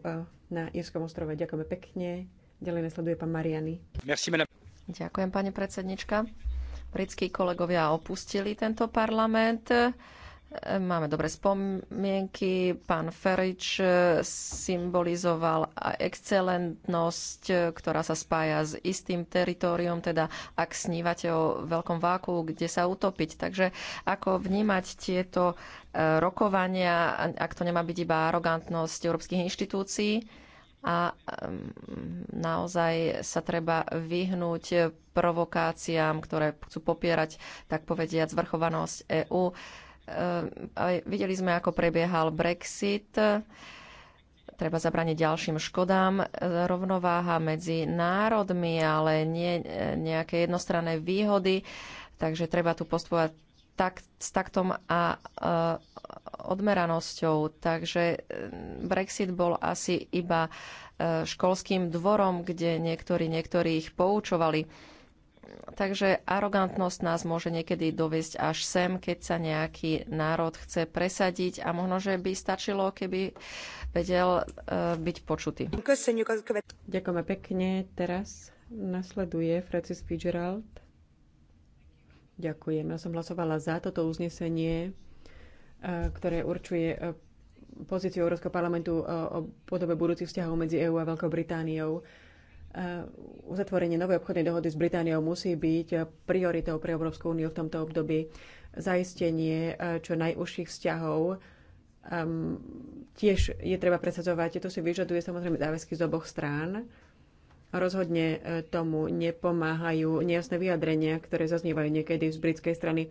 na Irskom ostrove. Ďakujeme pekne. Ďalej nasleduje pán Mariany. Ďakujem, pani predsednička. Britskí kolegovia opustili tento parlament. Máme dobré spomienky. Pán Ferič e, symbolizoval excelentnosť, e, ktorá sa spája s istým teritoriom, teda ak snívate o veľkom váku, kde sa utopiť. Takže ako vnímať tieto e, rokovania, ak to nemá byť iba arogantnosť európskych inštitúcií, a mm, naozaj sa treba vyhnúť provokáciám, ktoré chcú popierať, tak povediať, zvrchovanosť EÚ. Ehm, videli sme, ako prebiehal Brexit. Treba zabrániť ďalším škodám. Rovnováha medzi národmi, ale nie e, nejaké jednostranné výhody. Takže treba tu postupovať tak, s taktom a e, odmeranosťou. Takže e, Brexit bol asi iba školským dvorom, kde niektorí niektorých poučovali. Takže arogantnosť nás môže niekedy doviesť až sem, keď sa nejaký národ chce presadiť a možno, že by stačilo, keby vedel e, byť počutý. Ďakujeme pekne. Teraz nasleduje Francis Fitzgerald. Ďakujem. Ja som hlasovala za toto uznesenie, e, ktoré určuje e, pozíciu Európskeho parlamentu o podobe budúcich vzťahov medzi EÚ a Veľkou Britániou. Eh, uzatvorenie novej obchodnej dohody s Britániou musí byť prioritou pre Európsku úniu v tomto období. Zaistenie eh, čo najúžších vzťahov um, tiež je treba presadzovať. To si vyžaduje samozrejme záväzky z oboch strán. Rozhodne eh, tomu nepomáhajú nejasné vyjadrenia, ktoré zaznievajú niekedy z britskej strany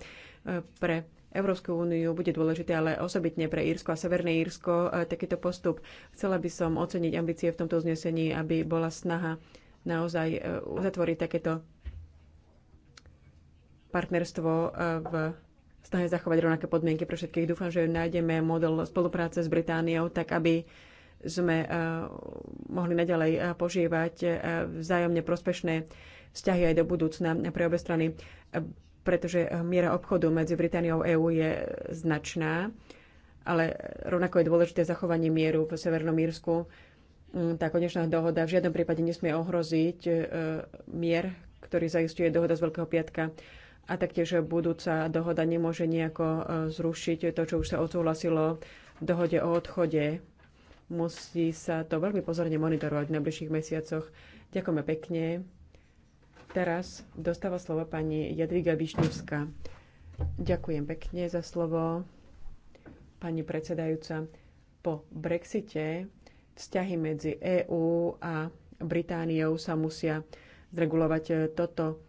pre Európsku úniu bude dôležité, ale osobitne pre Írsko a Severné Írsko e, takýto postup. Chcela by som oceniť ambície v tomto uznesení, aby bola snaha naozaj uzatvoriť e, takéto partnerstvo e, v snahe zachovať rovnaké podmienky pre všetkých. Dúfam, že nájdeme model spolupráce s Britániou, tak aby sme mohli naďalej požívať vzájomne prospešné vzťahy aj do budúcna pre obe strany pretože miera obchodu medzi Britániou a EÚ je značná, ale rovnako je dôležité zachovanie mieru v Severnom Írsku. Mm, tá konečná dohoda v žiadnom prípade nesmie ohroziť e, mier, ktorý zaistuje dohoda z Veľkého piatka a taktiež budúca dohoda nemôže nejako e, zrušiť to, čo už sa odsúhlasilo v dohode o odchode. Musí sa to veľmi pozorne monitorovať v najbližších mesiacoch. Ďakujeme pekne. Teraz dostáva slovo pani Jadriga Višňovská. Ďakujem pekne za slovo, pani predsedajúca. Po Brexite vzťahy medzi EÚ a Britániou sa musia zregulovať. Toto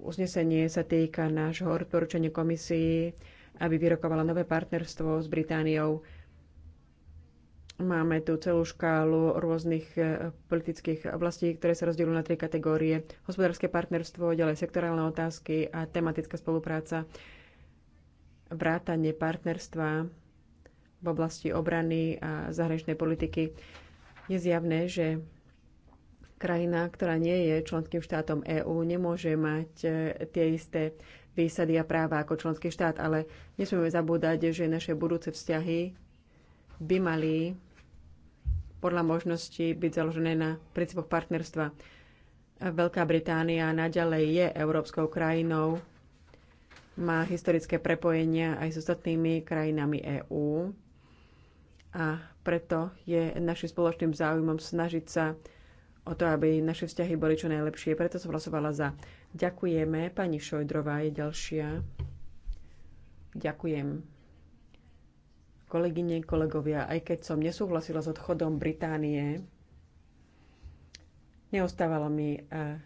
uznesenie sa týka nášho odporúčania komisii, aby vyrokovala nové partnerstvo s Britániou. Máme tu celú škálu rôznych eh, politických oblastí, ktoré sa rozdielujú na tri kategórie. Hospodárske partnerstvo, ďalej sektorálne otázky a tematická spolupráca. Vrátanie partnerstva v oblasti obrany a zahraničnej politiky. Je zjavné, že krajina, ktorá nie je členským štátom EÚ, nemôže mať eh, tie isté výsady a práva ako členský štát, ale nesmieme zabúdať, že naše budúce vzťahy by mali podľa možností byť založené na princípoch partnerstva. Veľká Británia naďalej je európskou krajinou, má historické prepojenia aj s ostatnými krajinami EÚ a preto je našim spoločným záujmom snažiť sa o to, aby naše vzťahy boli čo najlepšie. Preto som hlasovala za. Ďakujeme. Pani Šojdrová je ďalšia. Ďakujem. Kolegyne, kolegovia, aj keď som nesúhlasila s odchodom Británie, neostávalo mi eh,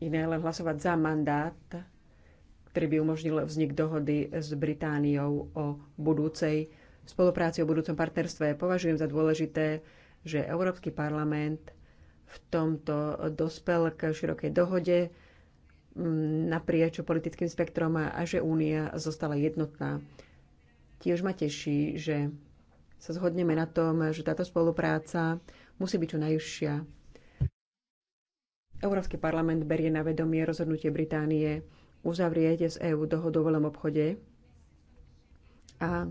iné len hlasovať za mandát, ktorý by umožnil vznik dohody s Britániou o budúcej spolupráci, o budúcom partnerstve. Považujem za dôležité, že Európsky parlament v tomto dospel k širokej dohode mm, naprieč politickým spektrom a že únia zostala jednotná Tiež ma teší, že sa zhodneme na tom, že táto spolupráca musí byť čo najúžšia. Európsky parlament berie na vedomie rozhodnutie Británie uzavrieť z EÚ dohodu o voľnom obchode a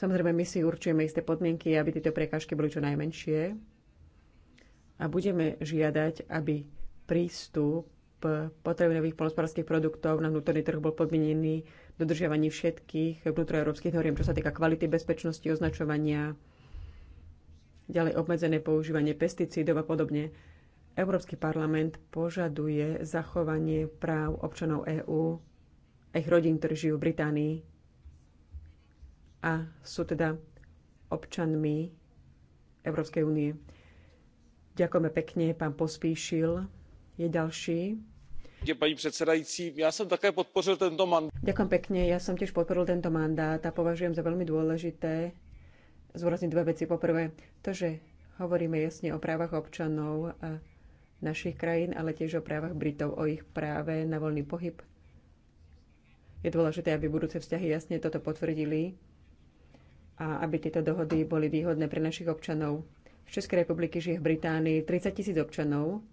samozrejme my si určujeme isté podmienky, aby tieto prekážky boli čo najmenšie a budeme žiadať, aby prístup potrebných polospodárských produktov na vnútorný trh bol podmienený dodržiavaní všetkých vnútroeurópskych noriem, čo sa týka kvality, bezpečnosti, označovania, ďalej obmedzené používanie pesticídov a podobne. Európsky parlament požaduje zachovanie práv občanov EÚ a ich rodín, ktorí žijú v Británii a sú teda občanmi Európskej únie. Ďakujeme pekne, pán Pospíšil je ďalší. Ďakujem pekne, ja som tiež podporil tento mandát a považujem za veľmi dôležité zúrazniť dve veci. Poprvé, to, že hovoríme jasne o právach občanov našich krajín, ale tiež o právach Britov, o ich práve na voľný pohyb. Je dôležité, aby budúce vzťahy jasne toto potvrdili a aby tieto dohody boli výhodné pre našich občanov. V Českej republiky žije v Británii 30 tisíc občanov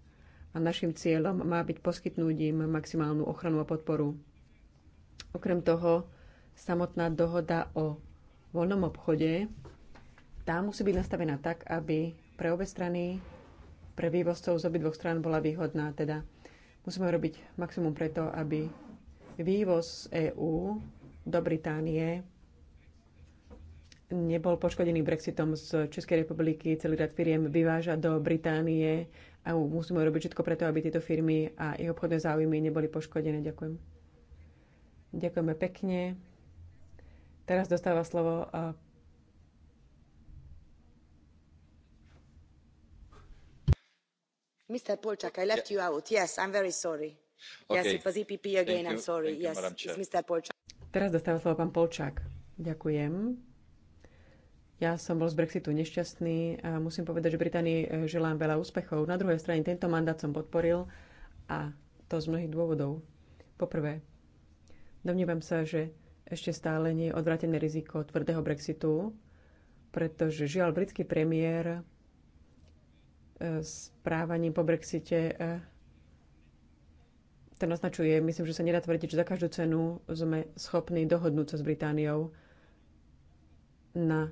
a našim cieľom má byť poskytnúť im maximálnu ochranu a podporu. Okrem toho, samotná dohoda o voľnom obchode, tá musí byť nastavená tak, aby pre obe strany, pre vývozcov z dvoch strán bola výhodná. Teda musíme robiť maximum preto, aby vývoz EÚ do Británie nebol poškodený Brexitom z Českej republiky. Celý rad firiem vyváža do Británie a musíme robiť všetko preto, aby tieto firmy a ich obchodné záujmy neboli poškodené. Ďakujem. Ďakujeme pekne. Teraz dostáva slovo a Mr. Polčak, I left you out. Yes, I'm very sorry. Okay. Yes, it was EPP again. Thank I'm sorry. yes, you, it's Mr. Polčak. Teraz dostáva slovo pán Polčák. Ďakujem. Ja som bol z Brexitu nešťastný a musím povedať, že Británii e, želám veľa úspechov. Na druhej strane tento mandát som podporil a to z mnohých dôvodov. Poprvé, domnívam sa, že ešte stále nie je odvratené riziko tvrdého Brexitu, pretože žiaľ britský premiér e, správaním po Brexite e, to naznačuje, myslím, že sa nedá tvrdiť, že za každú cenu sme schopní dohodnúť sa s Britániou na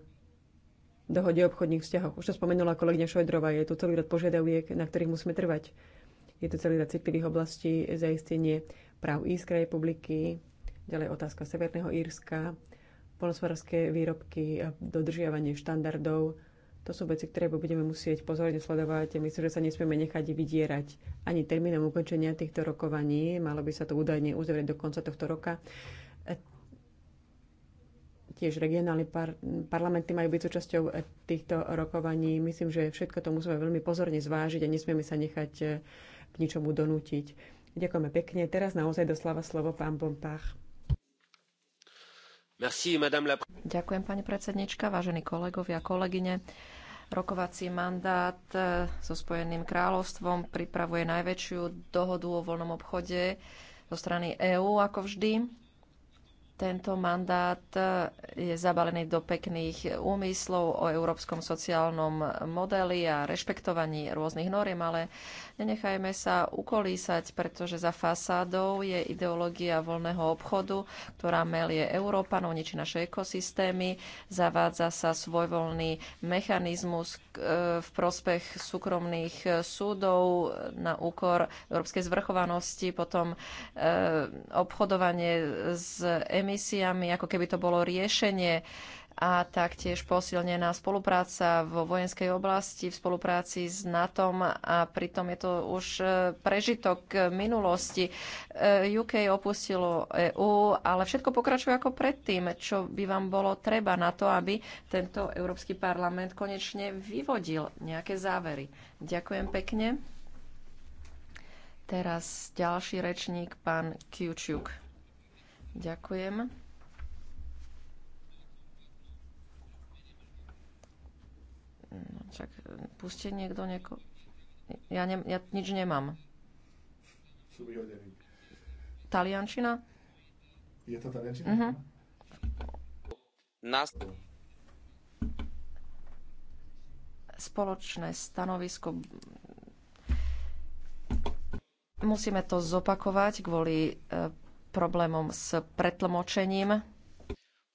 dohode o obchodných vzťahoch. Už to spomenula kolegyňa Šojdrova, je tu celý rad požiadaviek, na ktorých musíme trvať. Je tu celý rad citlivých oblastí, zaistenie práv Írskej republiky, ďalej otázka Severného Írska, polnospodárske výrobky, dodržiavanie štandardov. To sú veci, ktoré budeme musieť pozorne sledovať. Myslím, že sa nesmieme nechať vydierať ani termínom ukončenia týchto rokovaní. Malo by sa to údajne uzavrieť do konca tohto roka tiež regionálne par- parlamenty majú byť súčasťou eh, týchto rokovaní. Myslím, že všetko to musíme veľmi pozorne zvážiť a nesmieme sa nechať eh, k ničomu donútiť. Ďakujeme pekne. Teraz naozaj doslava slovo pán Bompach. Merci, madame la... Ďakujem, pani predsednička, vážení kolegovia, kolegyne. Rokovací mandát eh, so Spojeným kráľovstvom pripravuje najväčšiu dohodu o voľnom obchode zo strany EÚ, ako vždy tento mandát e, je zabalený do pekných úmyslov o európskom sociálnom modeli a rešpektovaní rôznych noriem, ale Nenechajme sa ukolísať, pretože za fasádou je ideológia voľného obchodu, ktorá melie Európanov, ničí naše ekosystémy, zavádza sa svojvoľný mechanizmus e, v prospech súkromných e, súdov na úkor európskej zvrchovanosti, potom e, obchodovanie s emisiami, ako keby to bolo riešenie a taktiež posilnená spolupráca vo vojenskej oblasti v spolupráci s NATO a pritom je to už e, prežitok e, minulosti. E, UK opustilo EU, ale všetko pokračuje ako predtým, čo by vám bolo treba na to, aby tento Európsky parlament konečne vyvodil nejaké závery. Ďakujem pekne. Teraz ďalší rečník, pán Kiučiuk. Ďakujem. Čak, e, pustí niekto nieko... Ja, ne, ja nič nemám. Taliančina? Je to taliančina? Uh-huh. Nás... Spoločné stanovisko musíme to zopakovať kvôli e, problémom s pretlmočením.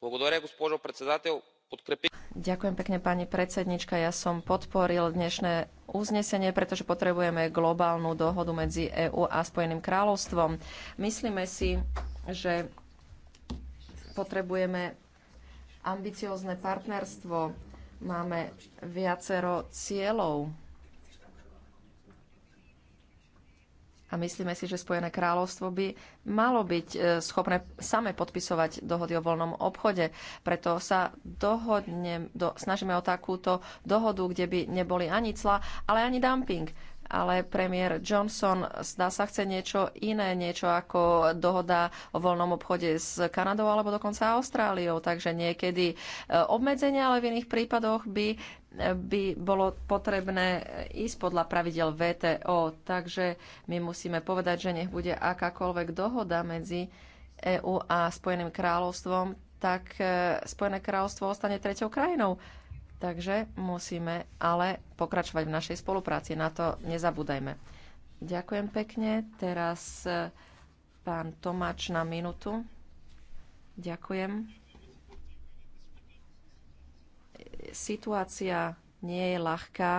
Благодаря, госпожо председател. Подкрепи... Ďakujem pekne, pani predsednička. Ja som podporil dnešné uznesenie, pretože potrebujeme globálnu dohodu medzi EÚ a Spojeným kráľovstvom. Myslíme si, že potrebujeme ambiciózne partnerstvo. Máme viacero cieľov A myslíme si, že Spojené kráľovstvo by malo byť e, schopné same podpisovať dohody o voľnom obchode. Preto sa dohodne, do, snažíme o takúto dohodu, kde by neboli ani cla, ale ani dumping ale premiér Johnson zdá sa chce niečo iné, niečo ako dohoda o voľnom obchode s Kanadou alebo dokonca Austráliou. Takže niekedy e, obmedzenia, ale v iných prípadoch by by bolo potrebné ísť podľa pravidel VTO. Takže my musíme povedať, že nech bude akákoľvek dohoda medzi EÚ a Spojeným kráľovstvom, tak e, Spojené kráľovstvo ostane treťou krajinou. Takže musíme ale pokračovať v našej spolupráci. Na to nezabúdajme. Ďakujem pekne. Teraz e, pán Tomáč na minútu. Ďakujem. situácia nie je ľahká.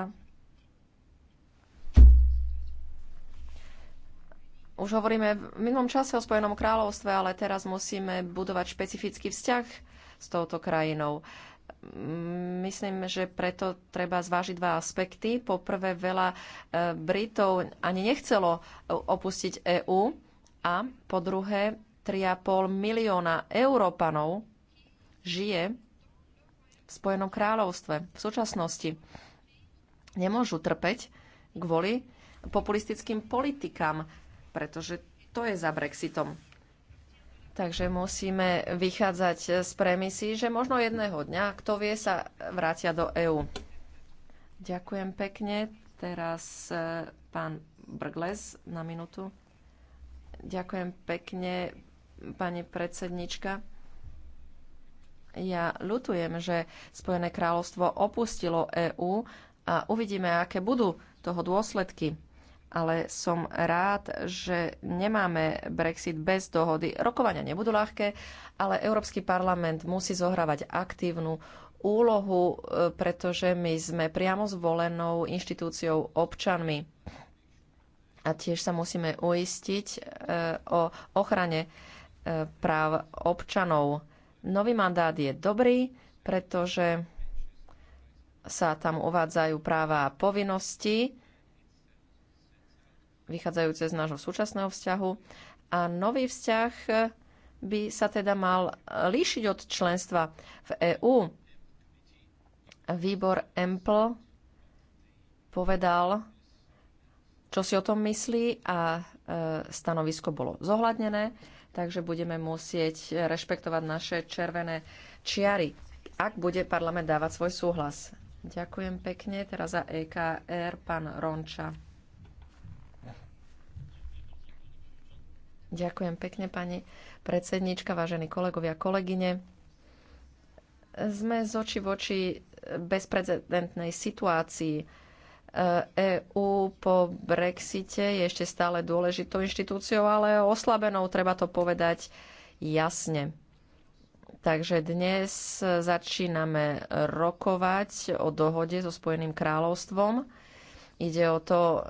Už hovoríme v minulom čase o Spojenom kráľovstve, ale teraz musíme budovať špecifický vzťah s touto krajinou. Myslím, že preto treba zvážiť dva aspekty. Poprvé, veľa e, Britov ani nechcelo opustiť EÚ a po druhé, 3,5 milióna Európanov žije Spojenom kráľovstve v súčasnosti. Nemôžu trpeť kvôli populistickým politikám, pretože to je za Brexitom. Takže musíme vychádzať z premisy, že možno jedného dňa, kto vie, sa vrátia do EÚ. Ďakujem pekne. Teraz e, pán Brgles na minútu. Ďakujem pekne, pani predsednička. Ja ľutujem, že Spojené kráľovstvo opustilo EÚ a uvidíme, aké budú toho dôsledky. Ale som rád, že nemáme Brexit bez dohody. Rokovania nebudú ľahké, ale Európsky parlament musí zohrávať aktívnu úlohu, e, pretože my sme priamo zvolenou inštitúciou občanmi. A tiež sa musíme uistiť e, o ochrane e, práv občanov Nový mandát je dobrý, pretože sa tam uvádzajú práva a povinnosti vychádzajúce z nášho súčasného vzťahu. A nový vzťah by sa teda mal líšiť od členstva v EÚ. Výbor EMPL povedal, čo si o tom myslí a e, stanovisko bolo zohľadnené takže budeme musieť rešpektovať naše červené čiary, ak bude parlament dávať svoj súhlas. Ďakujem pekne. Teraz za EKR pán Ronča. Ďakujem pekne, pani predsednička, vážení kolegovia, kolegyne. Sme z oči v oči bezprecedentnej situácii EÚ e po Brexite je ešte stále dôležitou inštitúciou, ale oslabenou, treba to povedať jasne. Takže dnes začíname rokovať o dohode so Spojeným kráľovstvom. Ide o to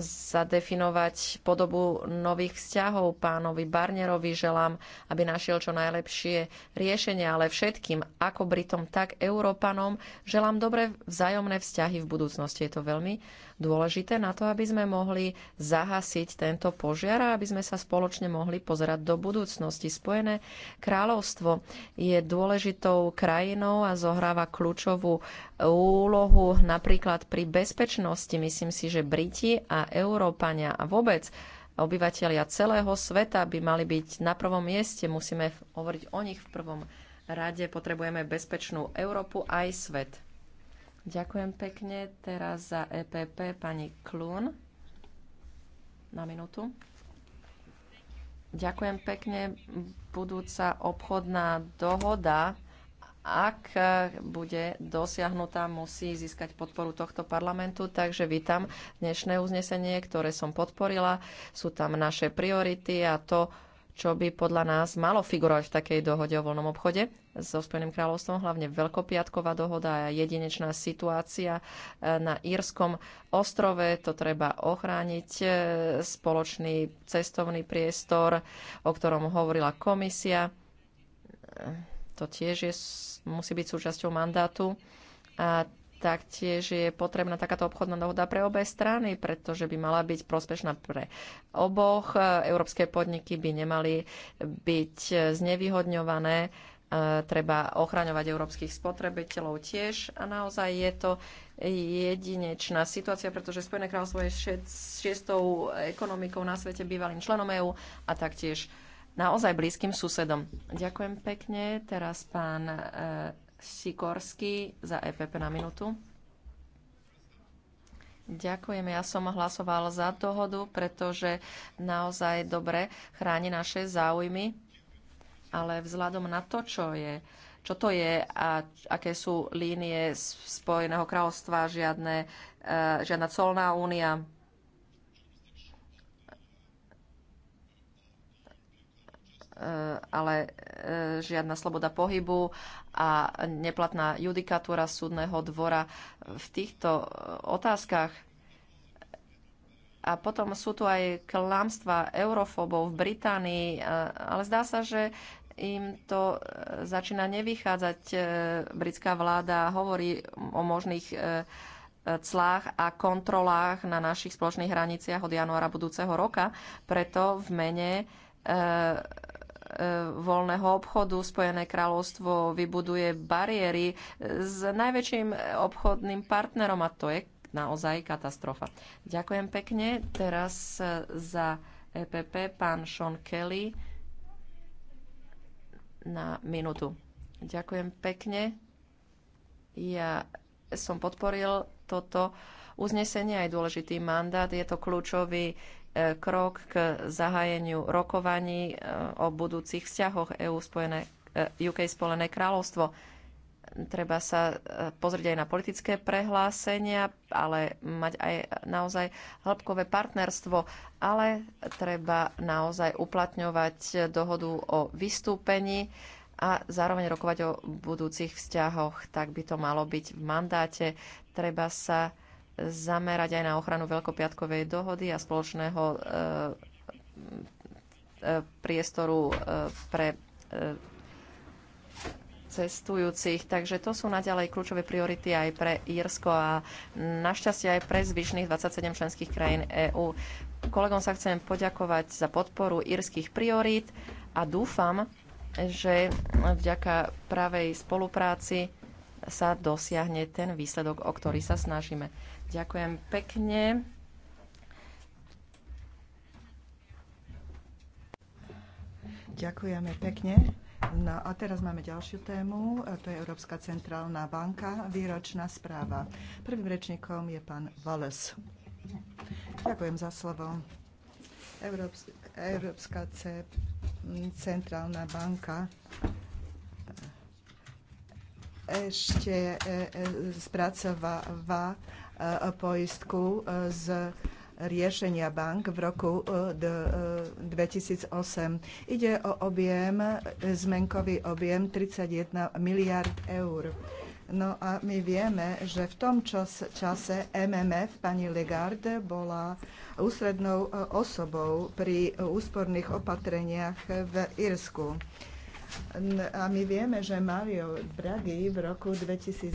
zadefinovať podobu nových vzťahov. Pánovi Barnerovi želám, aby našiel čo najlepšie riešenie, ale všetkým, ako Britom, tak Európanom, želám dobre vzájomné vzťahy v budúcnosti. Je to veľmi dôležité na to, aby sme mohli zahasiť tento požiar a aby sme sa spoločne mohli pozerať do budúcnosti. Spojené kráľovstvo je dôležitou krajinou a zohráva kľúčovú úlohu napríklad pri bezpečnosti. Myslím si, že Briti a Európania a vôbec obyvateľia celého sveta by mali byť na prvom mieste. Musíme hovoriť o nich v prvom rade. Potrebujeme bezpečnú Európu aj svet. Ďakujem pekne. Teraz za EPP pani Klun na minútu. Ďakujem pekne. Budúca obchodná dohoda, ak bude dosiahnutá, musí získať podporu tohto parlamentu, takže vítam dnešné uznesenie, ktoré som podporila. Sú tam naše priority a to, čo by podľa nás malo figurovať v takej dohode o voľnom obchode so Spojeným kráľovstvom, hlavne Veľkopiatková dohoda a jedinečná situácia e, na Írskom ostrove. To treba ochrániť e, spoločný cestovný priestor, o ktorom hovorila komisia. E, to tiež je, musí byť súčasťou mandátu. A Taktiež je potrebná takáto obchodná dohoda pre obe strany, pretože by mala byť prospešná pre oboch. E, Európske podniky by nemali byť znevýhodňované. E, Treba ochraňovať európskych spotrebiteľov tiež. A naozaj je to jedinečná situácia, pretože Spojené kráľovstvo je šiestou ekonomikou na svete, bývalým členom EÚ a taktiež naozaj blízkym susedom. Ďakujem pekne. Teraz pán e, Sikorsky za EPP na minútu. Ďakujem. Ja som hlasoval za dohodu, pretože naozaj dobre chráni naše záujmy, ale vzhľadom na to, čo je čo to je a aké sú línie Spojeného kráľovstva, žiadne, eh, žiadna colná únia, E, ale e, žiadna sloboda pohybu a neplatná judikatúra súdneho dvora v týchto e, otázkach. A potom sú tu aj klamstva eurofóbov v Británii, ale zdá sa, že im to začína nevychádzať. Britská vláda hovorí o možných clách a kontrolách na našich spoločných hraniciach od januára budúceho roka. Preto v mene E, voľného obchodu. Spojené kráľovstvo vybuduje bariéry s najväčším obchodným partnerom a to je naozaj katastrofa. Ďakujem pekne. Teraz e, za EPP pán Sean Kelly na minútu. Ďakujem pekne. Ja som podporil toto uznesenie aj dôležitý mandát. Je to kľúčový krok k zahájeniu rokovaní e, o budúcich vzťahoch EU spojené, e, UK Spojené kráľovstvo. Treba sa e, pozrieť aj na politické prehlásenia, ale mať aj naozaj hĺbkové partnerstvo, ale treba naozaj uplatňovať dohodu o vystúpení a zároveň rokovať o budúcich vzťahoch. Tak by to malo byť v mandáte. Treba sa zamerať aj na ochranu Veľkopiatkovej dohody a spoločného e, e, priestoru e, pre cestujúcich. Takže to sú naďalej kľúčové priority aj pre Írsko a našťastie aj pre zvyšných 27 členských krajín EÚ. Kolegom sa chcem poďakovať za podporu írskych priorít a dúfam, že vďaka pravej spolupráci sa dosiahne ten výsledok, o ktorý sa snažíme. Ďakujem pekne. Ďakujeme pekne. No a teraz máme ďalšiu tému, to je Európska centrálna banka, výročná správa. Prvým rečníkom je pán Vales. Ďakujem za slovo. Európska centrálna banka e, ešte e, e, spracováva E, poistku e, z riešenia bank v roku 2008. E, Ide o objem, zmenkový objem 31 miliard eur. No a my vieme, že v tom čas, čase MMF pani Legarde bola ústrednou osobou pri úsporných opatreniach v Irsku. A my vieme, že Mario Draghi v roku 2012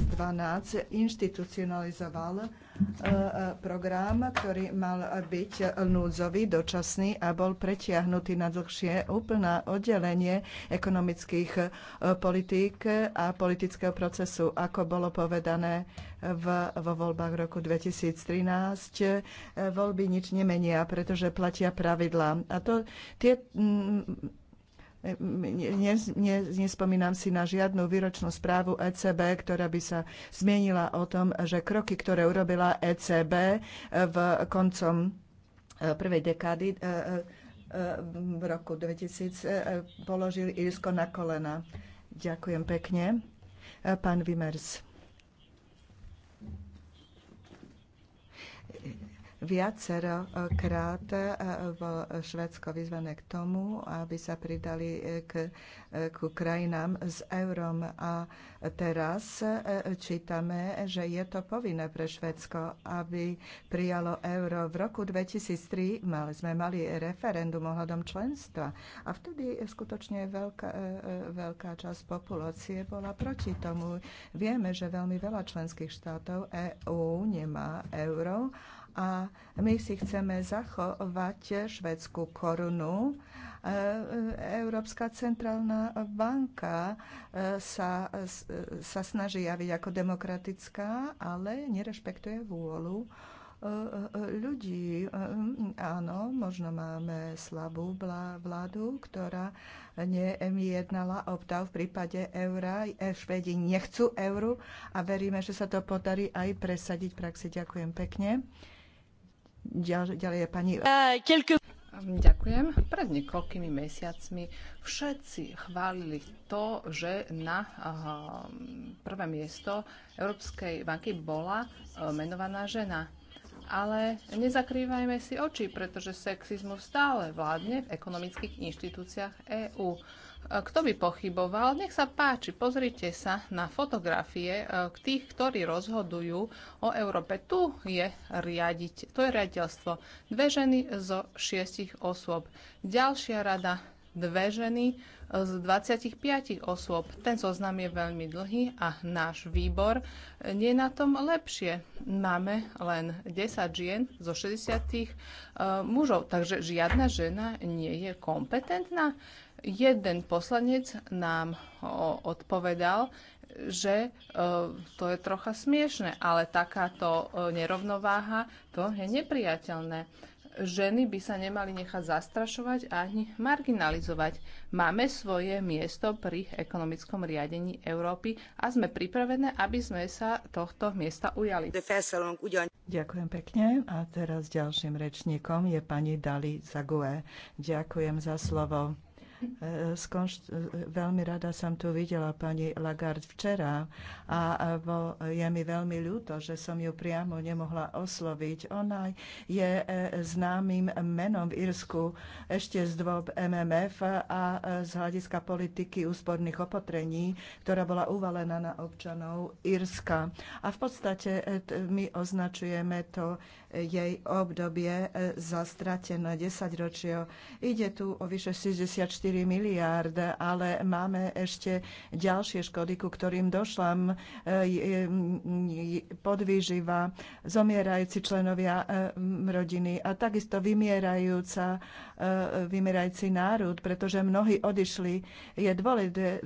inštitucionalizoval e, e, program, ktorý mal byť núdzový, dočasný a bol pretiahnutý na dlhšie úplné oddelenie ekonomických e, politík a politického procesu, ako bolo povedané v, vo voľbách roku 2013. Voľby nič nemenia, pretože platia pravidlá. A to tie nespomínam si na žiadnu výročnú správu ECB, ktorá by sa zmienila o tom, že kroky, ktoré urobila ECB eh, v koncom eh, prvej dekády eh, v roku 2000 položil Irsko na kolena. Ďakujem pekne. Pán Vimers. Viacerokrát bol e, Švedsko vyzvané k tomu, aby sa pridali e, k, e, k krajinám s eurom a teraz čítame, že je to povinné pre Švedsko, aby prijalo euro. V roku 2003 mal, sme mali referendum ohľadom členstva a vtedy skutočne veľká, veľká časť populácie bola proti tomu. Vieme, že veľmi veľa členských štátov EÚ nemá euro a my si chceme zachovať švedskú korunu. E, Európska centrálna banka e, sa, sa snaží javiť ako demokratická, ale nerešpektuje vôľu e, ľudí. Áno, možno máme slabú vládu, ktorá nejednala obtav v prípade eura. Švedi nechcú euru a veríme, že sa to podarí aj presadiť v praxi. Ďakujem pekne ďalej je pani... E, Ďakujem. Pred niekoľkými mesiacmi všetci chválili to, že na prvé miesto Európskej banky bola e, menovaná žena. Ale nezakrývajme si oči, pretože sexizmus stále vládne v ekonomických inštitúciách EÚ. Eh, kto by pochyboval? Nech sa páči, pozrite sa na fotografie eh, tých, ktorí rozhodujú o Európe. Tu je riadiť, to je riaditeľstvo. Dve ženy zo šiestich osôb. Ďalšia rada dve ženy e, z 25 osôb. Ten zoznam je veľmi dlhý a náš výbor e, nie je na tom lepšie. Máme len 10 žien zo 60 e, mužov, takže žiadna žena nie je kompetentná. Jeden poslanec nám odpovedal, že to je trocha smiešne, ale takáto nerovnováha, to je nepriateľné ženy by sa nemali nechať zastrašovať ani marginalizovať. Máme svoje miesto pri ekonomickom riadení Európy a sme pripravené, aby sme sa tohto miesta ujali. Ďakujem pekne a teraz ďalším rečníkom je pani Dali Zague. Ďakujem za slovo. E, skonšt- e, veľmi rada som tu videla pani Lagarde včera a vo, je mi veľmi ľúto, že som ju priamo nemohla osloviť. Ona je e, známym menom v Irsku ešte z dvob MMF a z hľadiska politiky úsporných opatrení, ktorá bola uvalená na občanov Irska. A v podstate my označujeme to jej obdobie e, za stratené 10 ročio. Ide tu o vyše 64 miliárd, ale máme ešte ďalšie škody, ku ktorým došla e, podvýživa, zomierajúci členovia e, rodiny a takisto vymierajúca, vymierajúci národ, pretože mnohí odišli. Je dôležité,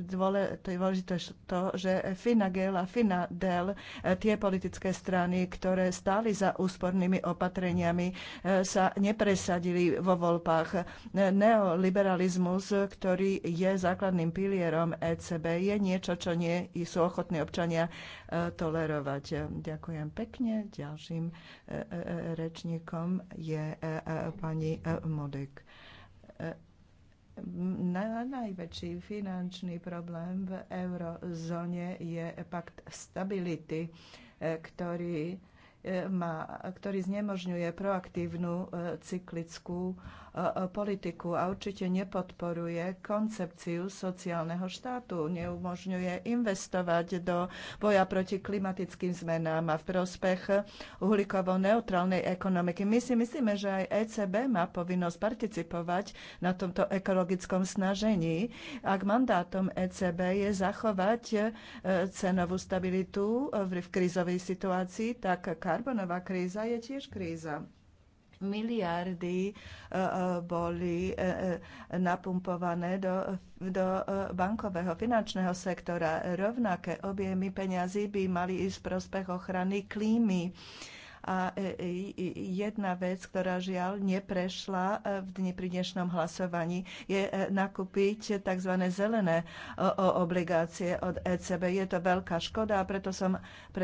dôležité to, že Fina a Fina Del, tie politické strany, ktoré stáli za úspornými rôznymi opatreniami e, sa nepresadili vo voľbách. Neoliberalizmus, ktorý je základným pilierom ECB, je niečo, čo nie sú ochotní občania e, tolerovať. Ďakujem pekne. Ďalším e, rečníkom je pani Modek najväčší finančný problém v eurozóne je pakt stability, ktorý E, ktorý znemožňuje proaktívnu e, cyklickú politiku a určite nepodporuje koncepciu sociálneho štátu, neumožňuje investovať do boja proti klimatickým zmenám a v prospech uhlíkovo-neutrálnej ekonomiky. My si myslíme, že aj ECB má povinnosť participovať na tomto ekologickom snažení, ak mandátom ECB je zachovať e, cenovú stabilitu v krízovej situácii, tak karbonová kríza je tiež kríza miliardy eh, eh, boli eh, napumpované do, do bankového finančného sektora. Rovnaké objemy peňazí by mali ísť prospech ochrany klímy. A e, e, jedna vec, ktorá žiaľ neprešla v dni pri dnešnom hlasovaní, je nakúpiť tzv. zelené obligácie od ECB. Je to veľká škoda a preto som